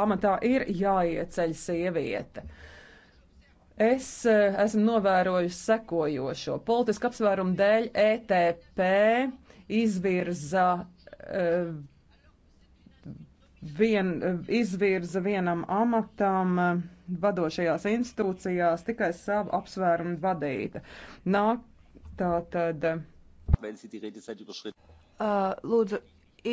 amatā ir jāieceļ sieviete. Es eh, esmu novērojusi sekojošo. Politiska apsvērumu dēļ ETP izvirza uh, vien, izvirza vienam amatam vadošajās institūcijās tikai savu apsvērumu vadīta. Nāk tā tad. Uh, lūdzu,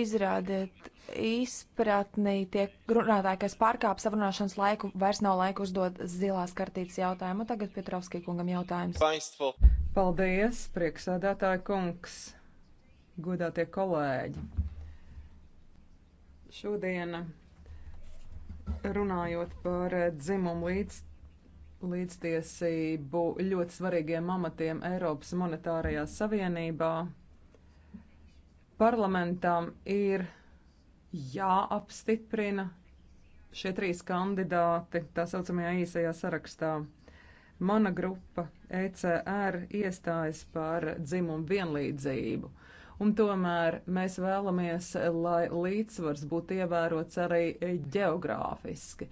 izrādiet izpratni, tie runātāji, kas pārkāp savrunāšanas laiku, vairs nav laika uzdot zilās kartītes jautājumu. Tagad Pietrovskij kungam jautājums. Painstvo. Paldies, prieksēdētāji kungs, godātie kolēģi. Šodien runājot par dzimumu līdz, līdztiesību ļoti svarīgiem amatiem Eiropas monetārajā savienībā, parlamentam ir jāapstiprina šie trīs kandidāti tā saucamajā īsajā sarakstā. Mana grupa ECR iestājas par dzimumu vienlīdzību un tomēr mēs vēlamies, lai līdzsvars būtu ievērots arī geogrāfiski.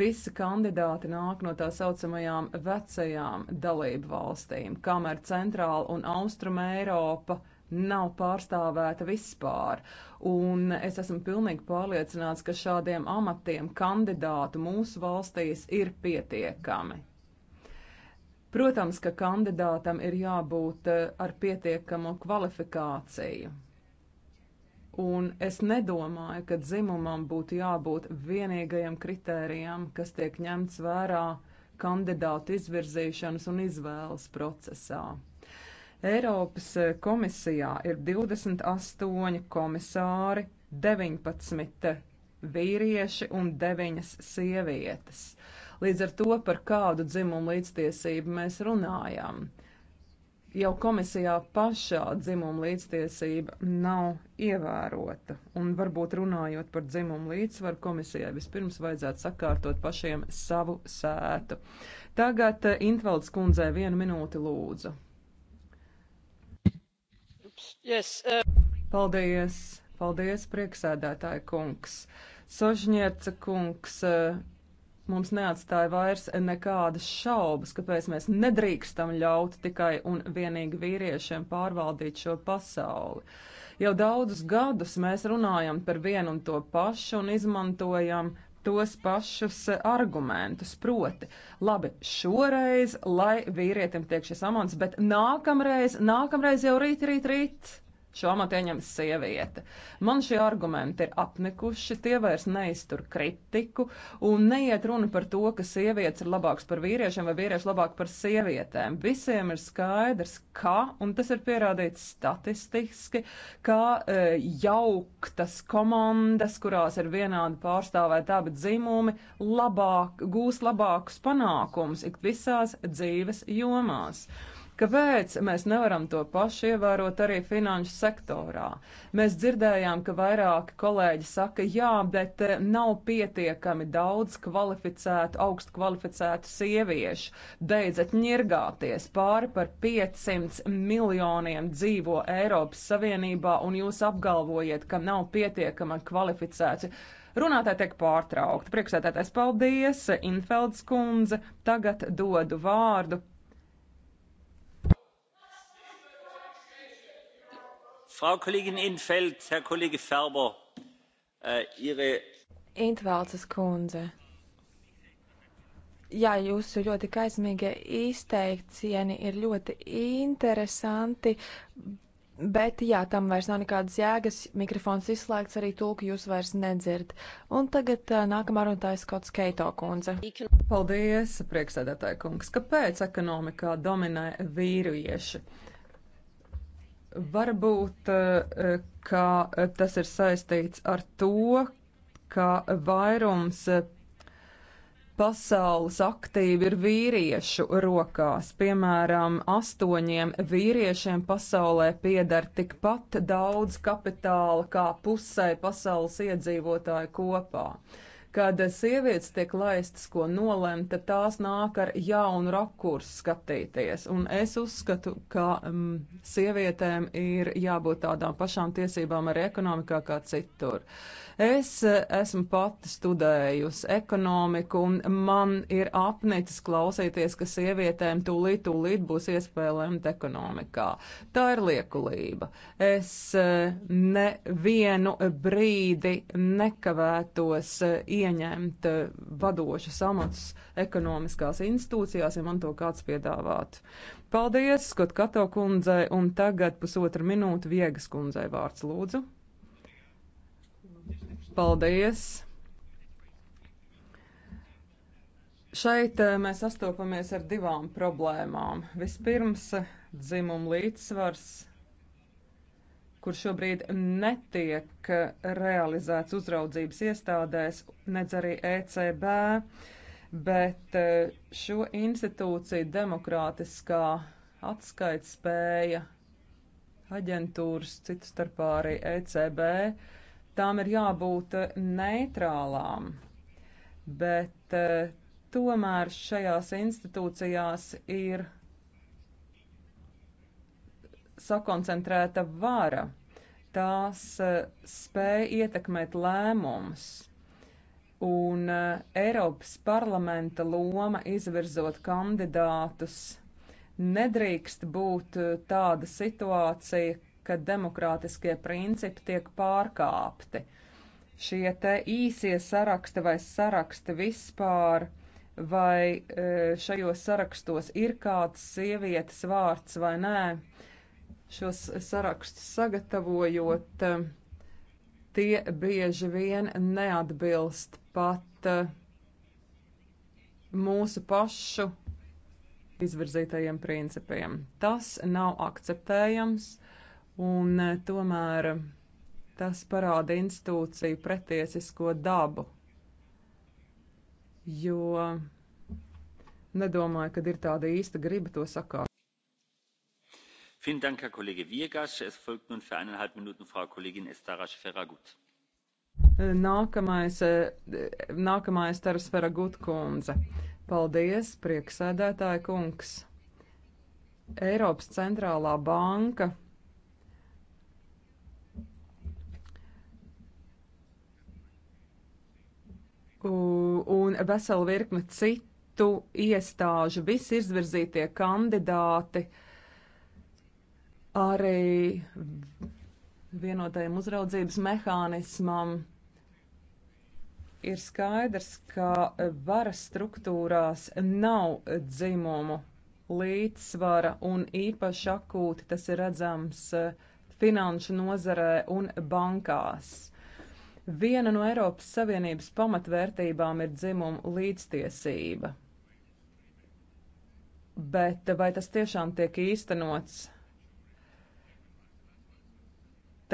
Visi kandidāti nāk no tā saucamajām vecajām dalību valstīm, kamēr Centrāla un Austruma Eiropa nav pārstāvēta vispār. Un es esmu pilnīgi pārliecināts, ka šādiem amatiem kandidātu mūsu valstīs ir pietiekami. Protams, ka kandidātam ir jābūt eh, ar pietiekamu kvalifikāciju. Un es nedomāju, ka dzimumam būtu jābūt vienīgajam kritērijam, kas tiek ņemts vērā kandidātu izvirzīšanas un izvēles procesā. Eiropas eh, komisijā ir 28 komisāri, 19 vīrieši un 9 sievietes. Līdz ar to par kādu dzimumu līdztiesību mēs runājam. Jau komisijā pašā dzimuma līdztiesība nav ievērota, un varbūt runājot par dzimumu līdzsvaru, komisijai vispirms vajadzētu sakārtot pašiem savu sētu. Tagad eh, Intvalds kundzei vienu minūti lūdzu. Yes, uh... Paldies, paldies, prieksēdētāja kungs. Sožņieca kungs, eh, mums neatstāja vairs nekādas šaubas, kāpēc mēs nedrīkstam ļaut tikai un vienīgi vīriešiem pārvaldīt šo pasauli. Jau daudzus gadus mēs runājam par vienu un to pašu un izmantojam tos pašus argumentus. Proti, labi, šoreiz, lai vīrietim tiek šis amats, bet nākamreiz, nākamreiz jau rīt, rīt, rīt šo amatu ieņems sieviete. Man šie argumenti ir apnikuši, tie vairs neiztur kritiku un neiet runa par to, ka sievietes ir labāks par vīriešiem vai vīrieši labāk par sievietēm. Visiem ir skaidrs, ka, un tas ir pierādīts statistiski, ka e, jauktas komandas, kurās ir vienādi pārstāvēt abi dzimumi, labāk, gūs labākus panākumus ik visās dzīves jomās. Uh, Kāpēc mēs nevaram to pašu ievērot arī finanšu sektorā? Mēs dzirdējām, ka vairāki kolēģi saka, jā, bet eh, nav pietiekami daudz kvalificētu, augstu kvalificētu sieviešu. Beidzat ņirgāties pāri par 500 miljoniem dzīvo Eiropas Savienībā un jūs apgalvojiet, ka nav pietiekama kvalificēta. Runātāji tiek pārtraukti. Priekšsēdētājs paldies, Infelds kundze. Tagad dodu vārdu frau kollegin in 't veld herr kollege ferber äh, ihre. in 't veldes kundze jā, jūsu ļoti kaismīgie izteicieni ir ļoti interesanti, bet jā, tam vairs nav nekādas jēgas, mikrofons izslēgts, arī tulku jūs vairs nedzird. Un tagad nākamā runātājs Skots Keito kundze. Paldies, priekšsēdētāja kungs. Kāpēc ekonomikā dominē vīrieši? Uh, Varbūt, eh, ka eh, tas ir saistīts ar to, ka vairums eh, pasaules aktīvi ir vīriešu rokās. Piemēram, astoņiem vīriešiem pasaulē pieder tikpat daudz kapitāla kā pusē pasaules iedzīvotāju kopā. Uh, Kad sievietes tiek laistas, ko nolem, tad tās nāk ar jaunu rakursu skatīties. Un es uzskatu, ka um, sievietēm ir jābūt tādām pašām tiesībām arī ekonomikā kā citur. Uh, Es e, esmu pati studējusi ekonomiku, un man ir apnicis klausīties, ka sievietēm tūlīt, tūlīt būs iespēja lemt ekonomikā. Tā ir liekulība. Es e, nevienu brīdi nekavētos e, ieņemt vadošas amatus ekonomiskās institūcijās, ja man to kāds piedāvātu. Paldies, Skot Kato kundzei, un tagad pusotra minūte Viegas kundzei vārds lūdzu. Paldies! Šeit eh, mēs sastopamies ar divām problēmām. Vispirms, eh, dzimuma līdzsvars, kur šobrīd netiek eh, realizēts uzraudzības iestādēs, nedz arī ECB, bet šo institūciju demokrātiskā atskaitspēja aģentūras, citu starpā arī ECB, tām ir jābūt eh, neitrālām, bet eh, tomēr šajās institūcijās ir sakoncentrēta vara. Tās eh, spēja ietekmēt lēmumus. Un Eiropas parlamenta loma izvirzot kandidātus nedrīkst būt tāda situācija, kad demokrātiskie principi tiek pārkāpti. Šie te īsie saraksti vai saraksti vispār, vai e, šajos sarakstos ir kāds sievietes vārds vai nē, šos sarakstus sagatavojot, e, tie bieži vien neatbilst pat e, mūsu pašu izvirzītajiem principiem. Tas nav akceptējams. Uh, un e, tomēr e, tas parāda institūciju pretiesisko dabu, jo nedomāju, ka ir tāda īsta griba to sakāt. Vielen Dank, Herr Kollege Viegas. Es folgt nun für eineinhalb Minuten Frau Kollegin Estarasch Ferragut. E, nākamais, nākamais Taras Ferragut kundze. Paldies, prieksēdētāja kungs. Eiropas centrālā banka un veselu virkni citu iestāžu. Visi izvirzītie kandidāti arī vienotajam uzraudzības mehānismam ir skaidrs, ka varas struktūrās nav dzimumu līdzsvara un īpaši akūti tas ir redzams finanšu nozarē un bankās. Viena no Eiropas Savienības pamatvērtībām ir dzimuma līdztiesība. Bet vai tas tiešām tiek īstenots?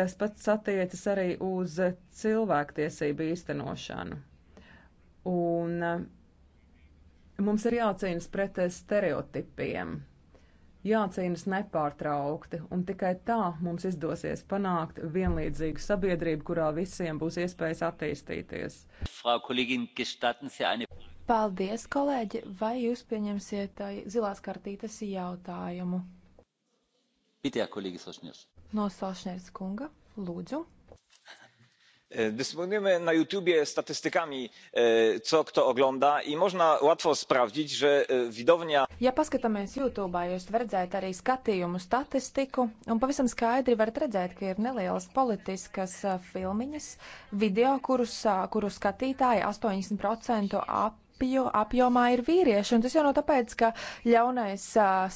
Tas pats attiecas arī uz cilvēktiesību īstenošanu. Un uh, mums ir jācīnas pret stereotipiem jācīnas nepārtraukti, un tikai tā mums izdosies panākt vienlīdzīgu sabiedrību, kurā visiem būs iespējas attīstīties. Paldies, kolēģi! Vai jūs pieņemsiet zilās kartītes jautājumu? Pitē, kolēģis Sošņers. No Sošņers kunga, lūdzu. E, dysponujemy na youtube statystykami e, co kto ogląda i można łatwo sprawdzić że e, widownia. ja paskatāmies youtube jūs redzat arī skatījumu statistiku un pavisam skaidri varat redzēt ka ir nelielas politiskas filmiņas video kurus kuru skatītāji 80% ap apjo, apjomā ir vīrieši. Un tas jau nav tāpēc, ka ļaunais,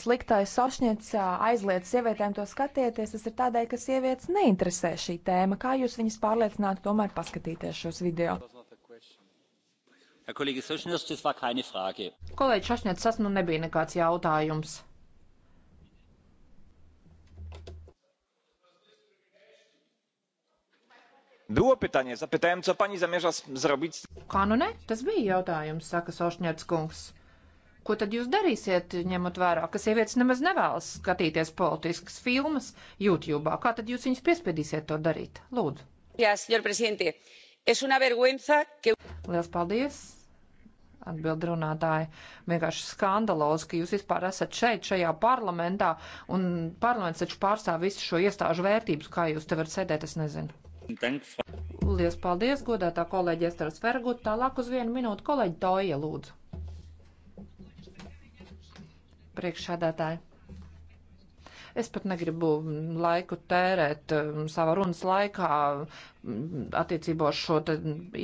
sliktais sošņets aizliedz sievietēm to skatīties. Tas ir tādēļ, ka sievietes neinteresē šī tēma. Kā jūs viņas pārliecinātu tomēr paskatīties šos video? Kolēģi Sošņets, tas nu nebija nekāds jautājums. Było pytanie, zapytałem, co pani zamierza zrobić. Kā nu ne? Tas bija jautājums, saka Sošņērts kungs. Ko tad jūs darīsiet, ņemot vērā, ka sievietes nemaz nevēlas skatīties politiskas filmas YouTube? Kā tad jūs viņus piespiedīsiet to darīt? Lūdzu. Jā, senor prezidente, es una vergüenza, ka. Lielas paldies, atbild runātāji. Vienkārši skandalozi, ka jūs vispār esat šeit, šajā parlamentā, un parlaments taču pārstāv visu šo iestāžu vērtības, kā jūs te varat sēdēt, es nezinu. Lielas paldies, godātā kolēģi Esteras Fergut. Tālāk uz vienu minūtu kolēģi Toja lūdzu. Priekšsādātāji. Es pat negribu laiku tērēt um, savā runas laikā um, attiecībā uz šo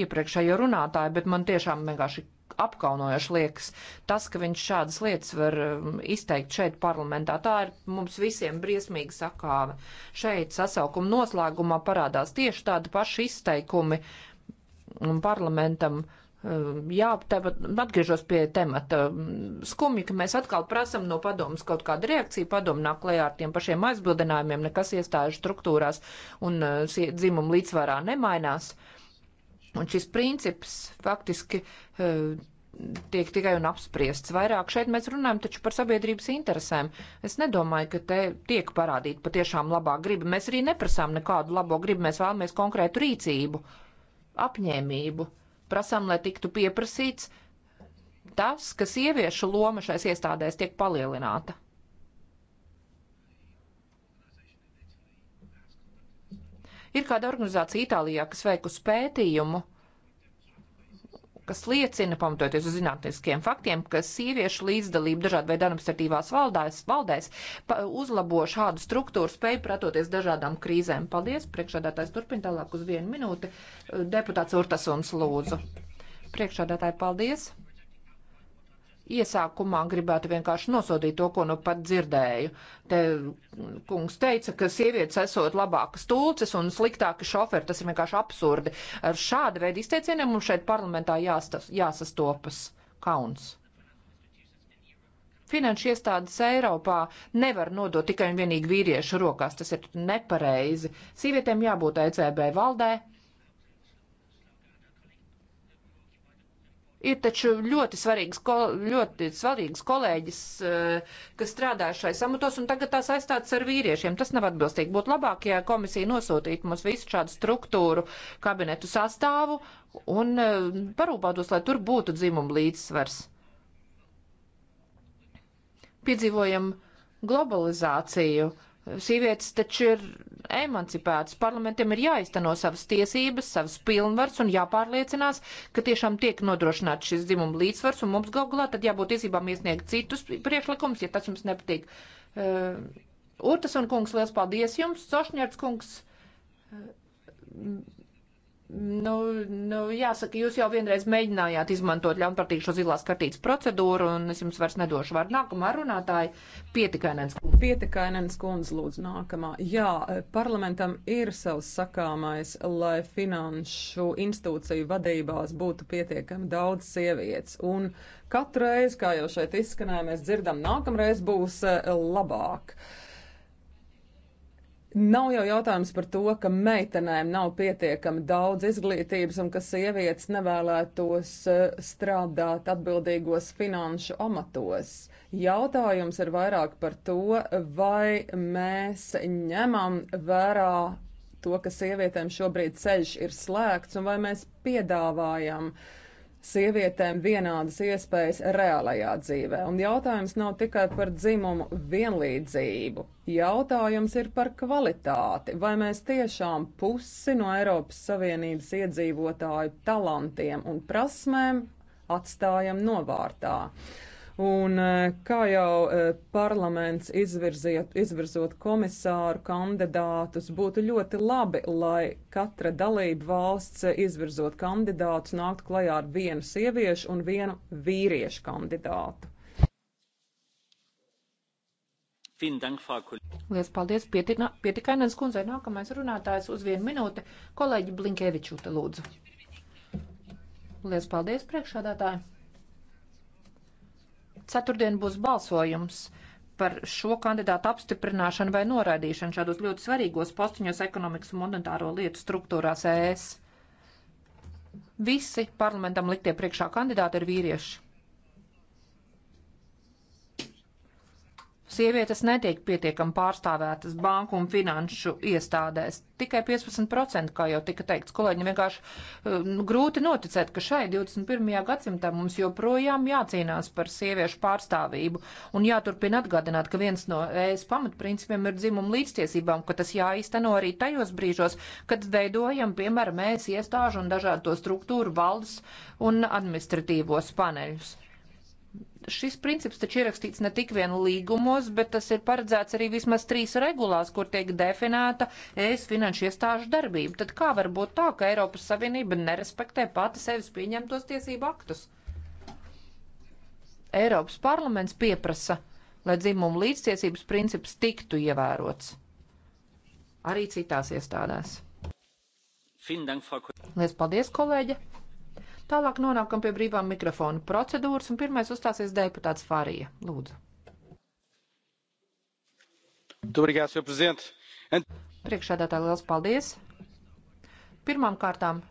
iepriekšējo runātāju, bet man tiešām vienkārši apkaunojoši liekas tas, ka viņš šādas lietas var um, izteikt šeit parlamentā. Tā ir mums visiem briesmīga sakāve. Šeit sasaukuma noslēgumā parādās tieši tādi paši izteikumi um, parlamentam. Um, jā, tepat nu, atgriežos pie temata. Skumji, ka mēs atkal prasam no padomas kaut kādu reakciju. Padoma nāk klajā ar tiem pašiem aizbildinājumiem, nekas iestāžu struktūrās un uh, dzimumu līdzsvarā nemainās. Uh, Un šis princips faktiski e, tiek tikai un apspriests. Vairāk šeit mēs runājam taču par sabiedrības interesēm. Es nedomāju, ka te tiek parādīta patiešām labā griba. Mēs arī neprasām nekādu labo gribu, mēs vēlamies konkrētu rīcību, apņēmību. Prasām, lai tiktu pieprasīts tas, ka sieviešu loma šais iestādēs tiek palielināta. Ir kāda organizācija Itālijā, kas veikusi pētījumu, kas liecina, pamatoties uz zinātniskiem faktiem, ka sieviešu līdzdalība dažādu veidu administratīvās valdēs, valdēs pa, uzlabo šādu struktūru spēju pratoties dažādām krīzēm. Paldies, priekšādātājs turpina tālāk uz vienu minūti. Deputāts Urtasuns lūdzu. Priekšādātāji, paldies! Iesākumā gribētu vienkārši nosodīt to, ko nu pat dzirdēju. Te kungs teica, ka sievietes esot labākas tulces un sliktāki šoferi. Tas ir vienkārši absurdi. Ar šādu veidu izteicieniem mums šeit parlamentā jāstas, jāsastopas kauns finanšu iestādes Eiropā nevar nodot tikai un vienīgi vīriešu rokās. Tas ir nepareizi. Sīvietēm jābūt ECB valdē, Ir taču ļoti svarīgs, ļoti svarīgs kolēģis, eh, kas strādāja šai samatos, un tagad tās aizstāts ar vīriešiem. Tas nav atbilstīgi. Būtu labāk, ja komisija nosūtītu mums visu šādu struktūru, kabinetu sastāvu un eh, parūpātos, lai tur būtu dzimuma līdzsvars. Piedzīvojam globalizāciju. Sīvietes taču ir emancipētas. Parlamentiem ir jāizteno savas tiesības, savas pilnvars un jāpārliecinās, ka tiešām tiek nodrošināts šis dzimuma līdzsvars un mums galu galā tad jābūt tiesībām iesniegt citus priekšlikumus, ja tas jums nepatīk. Uh, Urtas un kungs, liels paldies jums, Sošņērts kungs. Uh, Nu, nu, jāsaka, jūs jau vienreiz mēģinājāt izmantot ļaunprātīgi šo zilās kartītes procedūru, un es jums vairs nedošu vārdu. Nākamā runātāja - Pietikainens kundze. Pietikainens kundze, lūdzu, nākamā. Jā, parlamentam ir savs sakāmais, lai finanšu institūciju vadībās būtu pietiekami daudz sievietes. Un katru reizi, kā jau šeit izskanēja, mēs dzirdam, nākamreiz būs eh, labāk. Uh, Nav jau jautājums par to, ka meitenēm nav pietiekami daudz izglītības un ka sievietes nevēlētos eh, strādāt atbildīgos finanšu amatos. Jautājums ir vairāk par to, vai mēs ņemam vērā to, ka sievietēm šobrīd ceļš ir slēgts un vai mēs piedāvājam uh, sievietēm vienādas iespējas reālajā dzīvē. Un jautājums nav tikai par dzimumu vienlīdzību. Jautājums ir par kvalitāti. Vai mēs tiešām pusi no Eiropas Savienības iedzīvotāju talantiem un prasmēm atstājam novārtā? Un eh, kā jau eh, parlaments izvirziet, izvirzot komisāru kandidātus, būtu ļoti labi, lai katra dalība valsts izvirzot kandidātus nāktu klajā ar vienu sieviešu un vienu vīriešu kandidātu. Lielas paldies pietikainas kundzei. Nākamais runātājs uz vienu minūti - kolēģi Blinkevičūta lūdzu. Lielas paldies priekšādātāji! Ceturtdien būs balsojums par šo kandidātu apstiprināšanu vai noraidīšanu šādos ļoti svarīgos postiņos ekonomikas un monetāro lietu struktūrās ES. Visi parlamentam liktie priekšā kandidāti ir vīrieši. Sievietes netiek pietiekami pārstāvētas banku un finanšu iestādēs. Tikai 15%, kā jau tika teikts, kolēģi, vienkārši nu, grūti noticēt, ka šai 21. gadsimtā mums joprojām jācīnās par sieviešu pārstāvību un jāturpina atgādināt, ka viens no ES pamatprincipiem ir dzimuma līdztiesībām, ka tas jāīsteno arī tajos brīžos, kad veidojam, piemēram, mēs iestāžu un dažādu to struktūru valdes un administratīvos paneļus. Šis princips taču ierakstīts ne tik vien līgumos, bet tas ir paredzēts arī vismaz trīs regulās, kur tiek definēta ES finanšu iestāžu darbība. Tad kā var būt tā, ka Eiropas Savienība nerespektē pati sevis pieņemtos tiesību aktus? Eiropas parlaments pieprasa, lai dzimumu līdztiesības princips tiktu ievērots arī citās iestādēs. Lies paldies, kolēģi! Tālāk nonākam pie brīvā mikrofona procedūras, un pirmais uzstāsies deputāts Fārija. Lūdzu. Obrigāt, senhor prezident. Priekšādātāji, liels paldies. Pirmām kārtām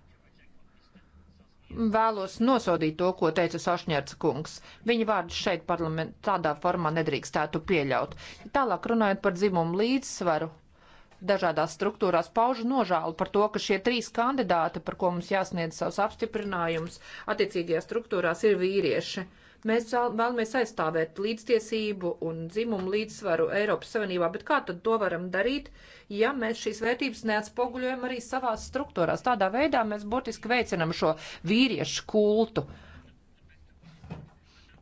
vēlos nosodīt to, ko teica Sašņērts kungs. Viņa vārdus šeit parlamentā tādā formā nedrīkstētu pieļaut. Tālāk runājot par dzimumu līdzsvaru dažādās struktūrās paužu nožālu par to, ka šie trīs kandidāti, par ko mums jāsniedz savus apstiprinājumus, attiecīgajās struktūrās ir vīrieši. Mēs vēlamies aizstāvēt līdztiesību un dzimumu līdzsvaru Eiropas Savienībā, bet kā tad to varam darīt, ja mēs šīs vērtības neatspoguļojam arī savās struktūrās? Tādā veidā mēs burtiski veicinam šo vīriešu kultu. Uh,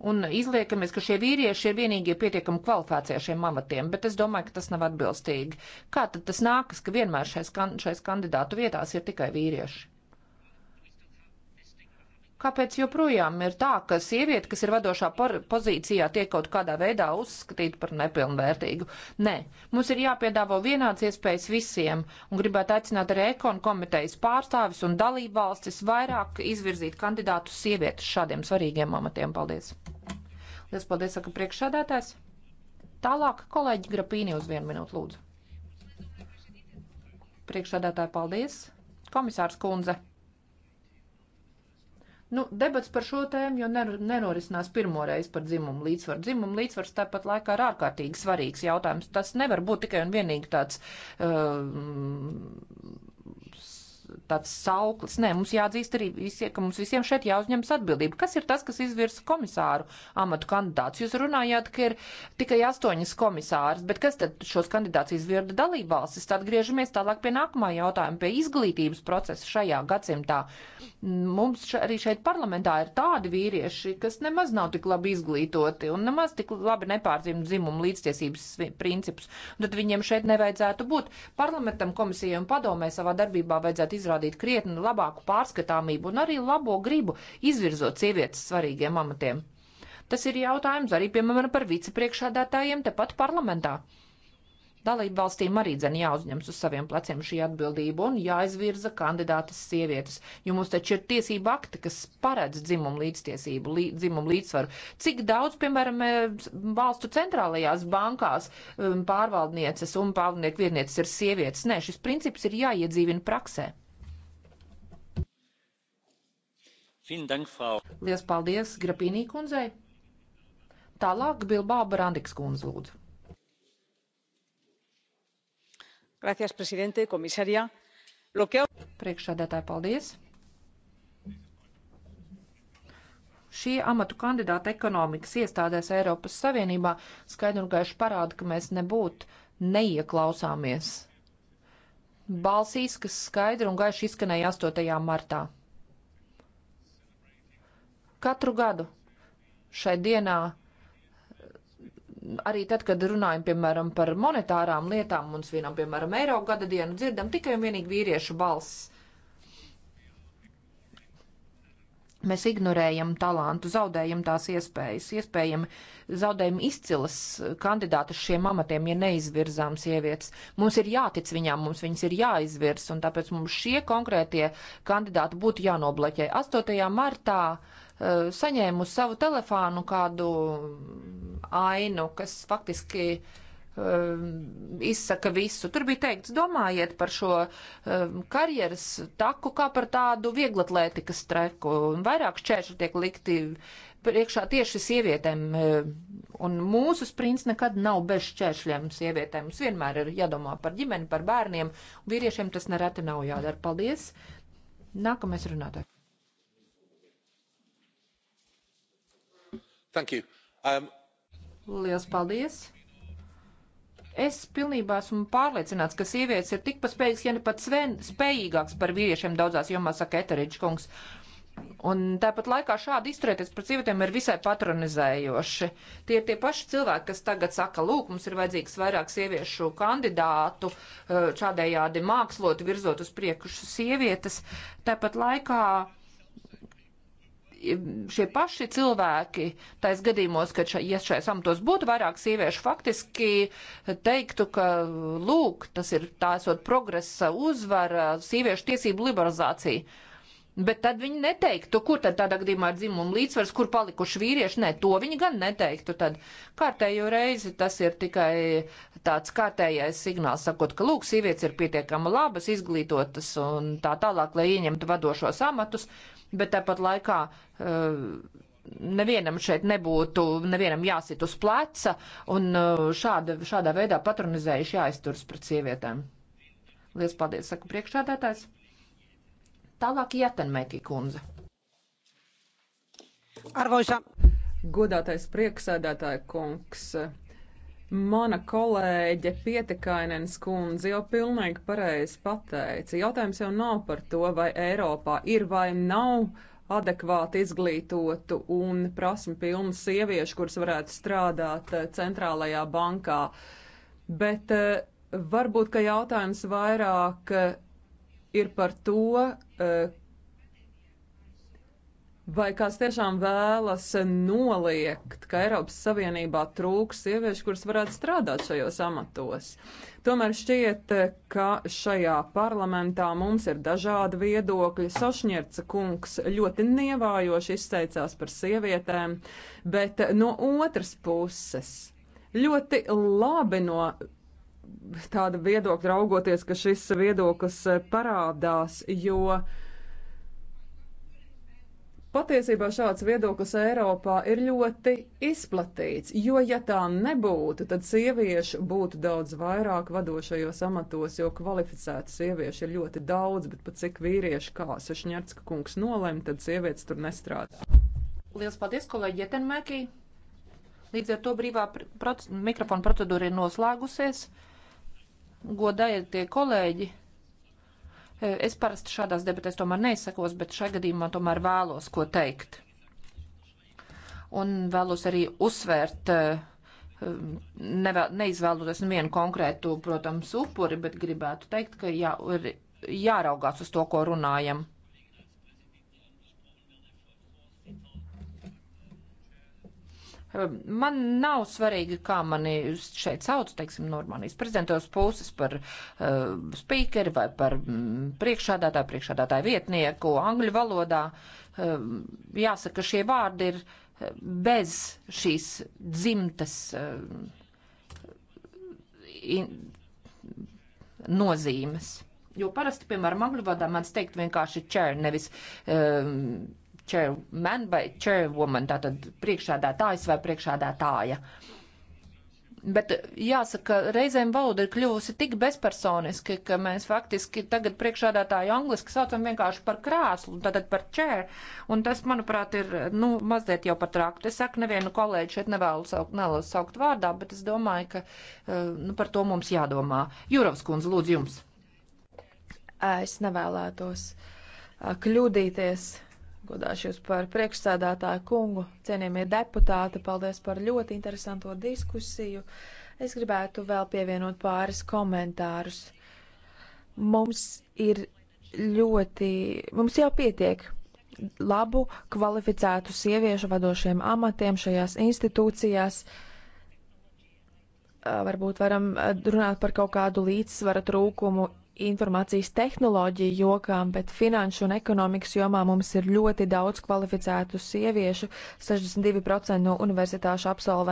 un izliekamies, ka šie vīrieši ir vienīgie pietiekami kvalificēti šiem amatiem, bet es domāju, ka tas nav atbilstīgi. Kā tad tas nākas, ka vienmēr šais, kan šais kandidātu vietās ir tikai vīrieši? Kāpēc joprojām ir tā, ka sieviete, kas ir vadošā pozīcijā, tiek kaut kādā veidā uzskatīta par nepilnvērtīgu? Nē, mums ir jāpiedāvo vienāds iespējas visiem, un gribētu aicināt arī ekonu komitejas pārstāvis un dalību valstis vairāk izvirzīt kandidātu sievietes šādiem svarīgiem amatiem. Paldies! Liels paldies, saka priekšsādātājs. Tālāk kolēģi Grapīni uz vienu minūtu lūdzu. Priekšsādātāji, paldies! Komisārs Kunze! Nu, debats par šo tēmu jau nenorisinās pirmoreiz par dzimumu līdzsvaru. Dzimumu līdzsvars tāpat laikā ir ārkārtīgi svarīgs jautājums. Tas nevar būt tikai un vienīgi tāds. Uh, tāds sauklis. Nē, mums jāatzīst arī visiem, ka mums visiem šeit jāuzņemas atbildība. Kas ir tas, kas izvirsa komisāru amatu kandidāts? Jūs runājāt, ka ir tikai astoņas komisāras, bet kas tad šos kandidāts izvirda dalībvalstis? Tad griežamies tālāk pie nākamā jautājuma, pie izglītības procesa šajā gadsimtā. Mums še, arī šeit parlamentā ir tādi vīrieši, kas nemaz nav tik labi izglītoti un nemaz tik labi nepārzīm dzimumu līdztiesības principus. Tad viņiem šeit nevajadzētu būt. Parlamentam, komisijai un padomē savā darbībā vajadzētu varētu izrādīt krietni labāku pārskatāmību un arī labo gribu izvirzot sievietes svarīgiem amatiem. Tas ir jautājums arī, piemēram, par vicepriekšādātājiem tepat parlamentā. Dalību valstīm arī dzen jāuzņems uz saviem pleciem šī atbildība un jāizvirza kandidātas sievietes, jo mums taču ir tiesība akti, kas paredz dzimumu līdztiesību, lī, dzimumu līdzsvaru. Cik daudz, piemēram, e, valstu centrālajās bankās um, pārvaldnieces un pārvaldnieku vietnieces ir sievietes? Nē, šis princips ir jāiedzīvina praksē. Lielas paldies Grapīnī kundzei. Tālāk Bilbao Brandiks kundze lūdzu. Gracias, presidente, komisārija. Que... Priekšsādātāji, paldies. Šī amatu kandidāta ekonomikas iestādēs Eiropas Savienībā skaidru un gaišu parāda, ka mēs nebūtu neieklausāmies balsīs, kas skaidri un gaiši izskanēja 8. martā. Katru gadu šai dienā eh, arī tad, kad runājam, piemēram, par monetārām lietām un svinam, piemēram, eiro gada dienu, dzirdam tikai un vienīgi vīriešu balss. Mēs ignorējam talantu, zaudējam tās iespējas, iespējam zaudējam izcilas eh, kandidātas šiem amatiem, ja neizvirzām sievietes. Mums ir jātic viņām, mums viņas ir jāizvirs, un tāpēc mums šie konkrētie kandidāti būtu jānoblaķē. 8. martā uh, Eh, saņēmu uz savu telefonu kādu ainu, kas faktiski eh, izsaka visu. Tur bija teikts, domājiet par šo eh, karjeras taku kā par tādu vieglatlētikas treku. Vairāk šķēršļu tiek likti priekšā tieši sievietēm. Un mūsu sprints nekad nav bez šķēršļiem sievietēm. Mums vienmēr ir jādomā par ģimeni, par bērniem. Vīriešiem tas nereti nav jādara. Paldies! Nākamais runātājs. Um... Lielas paldies! Es pilnībā esmu pārliecināts, ka sievietes ir tikpat spējīgas, ja ne pat sven, spējīgākas par vīriešiem daudzās jomās, saka Eteriģis kungs. Un tāpat laikā šādi izturēties pret sievietēm ir visai patronizējoši. Tie ir tie paši cilvēki, kas tagad saka, lūk, mums ir vajadzīgs vairāk sieviešu kandidātu, eh, šādējādi mākslot, virzot uz priekšu sievietes. Tāpat laikā šie paši cilvēki, tais gadījumos, ka šai, ja šajās amatos būtu vairāk sieviešu, faktiski teiktu, ka, lūk, tas ir tā esot progresa uzvara, sieviešu tiesību liberalizācija. Bet tad viņi neteiktu, kur tad tādā gadījumā ir dzimuma līdzsvars, kur palikuši vīrieši. Nē, to viņi gan neteiktu. Tad kārtējo reizi tas ir tikai tāds kārtējais signāls, sakot, ka lūk, sievietes ir pietiekama labas, izglītotas un tā tālāk, lai ieņemtu vadošos amatus. Bet tāpat laikā. Uh, nevienam šeit nebūtu, nevienam jāsit uz pleca un eh, šāda, šādā veidā patronizējuši jāizturas pret sievietēm. Lielas paldies, saka priekšādātājs. Tālāk Jātenmēki kundze. Arvoisa. Godātais prieksēdētāja kungs. Mana kolēģe Pietekainens kundze jau pilnīgi pareizi pateica. Jautājums jau nav par to, vai Eiropā ir vai nav adekvāti izglītotu un prasmi pilnu sieviešu, kuras varētu strādāt eh, centrālajā bankā. Bet eh, varbūt, ka jautājums vairāk eh, ir par to, eh, vai kāds tiešām vēlas noliegt, ka Eiropas Savienībā trūks sieviešu, kuras varētu strādāt šajos amatos. Tomēr šķiet, ka šajā parlamentā mums ir dažādi viedokļi. Sašņērca kungs ļoti nievājoši izteicās par sievietēm, bet no otras puses ļoti labi no tāda viedokļa raugoties, ka šis viedoklis eh, parādās, jo patiesībā šāds viedoklis Eiropā ir ļoti izplatīts, jo ja tā nebūtu, tad sieviešu būtu daudz vairāk vadošajos amatos, jo kvalificētu sieviešu ir ļoti daudz, bet pat cik vīrieši kā Sešņērcka kungs nolem, tad sievietes tur nestrādā. Liels paldies, kolēģi Jetenmēkī! Līdz ar to brīvā proc mikrofona procedūra ir noslēgusies godājietie kolēģi, e, es parasti šādās debatēs tomēr neizsakos, bet šajā gadījumā tomēr vēlos ko teikt. Un vēlos arī uzsvērt, e, nevēl, neizvēloties nevienu konkrētu, protams, upuri, bet gribētu teikt, ka jā, ir jāraugās uz to, ko runājam. Man nav svarīgi, kā mani šeit sauc, teiksim, Normānijas prezidentos puses par uh, spīkeri vai par mm, priekšādātāju, priekšādātāju vietnieku angļu valodā. Uh, jāsaka, šie vārdi ir bez šīs dzimtas uh, in, nozīmes. Jo parasti, piemēram, angļu valodā man teikt vienkārši chair, nevis um, chairman vai chairwoman, tātad priekšādātājs vai priekšādātāja. Bet jāsaka, reizēm valoda ir kļuvusi tik bezpersoniski, ka mēs faktiski tagad priekšādātāju angliski saucam vienkārši par krēslu, tātad par chair, un tas, manuprāt, ir, nu, mazliet jau pat trakt. Es saku, nevienu kolēģi šeit nevēlu saukt, nevēlu saukt vārdā, bet es domāju, ka, eh, nu, par to mums jādomā. Jurovs kundze, lūdzu jums. Es nevēlētos eh, kļūdīties godāšos par priekšsādātāju kungu, cienījamie deputāti, paldies par ļoti interesanto diskusiju. Es gribētu vēl pievienot pāris komentārus. Mums ir ļoti, mums jau pietiek labu, kvalificētu sieviešu vadošiem amatiem šajās institūcijās. Varbūt varam runāt par kaut kādu līdzsvara trūkumu informācijas tehnoloģiju jokām, bet finanšu un ekonomikas jomā mums ir ļoti daudz kvalificētu sieviešu. 62% no universitāšu absolventu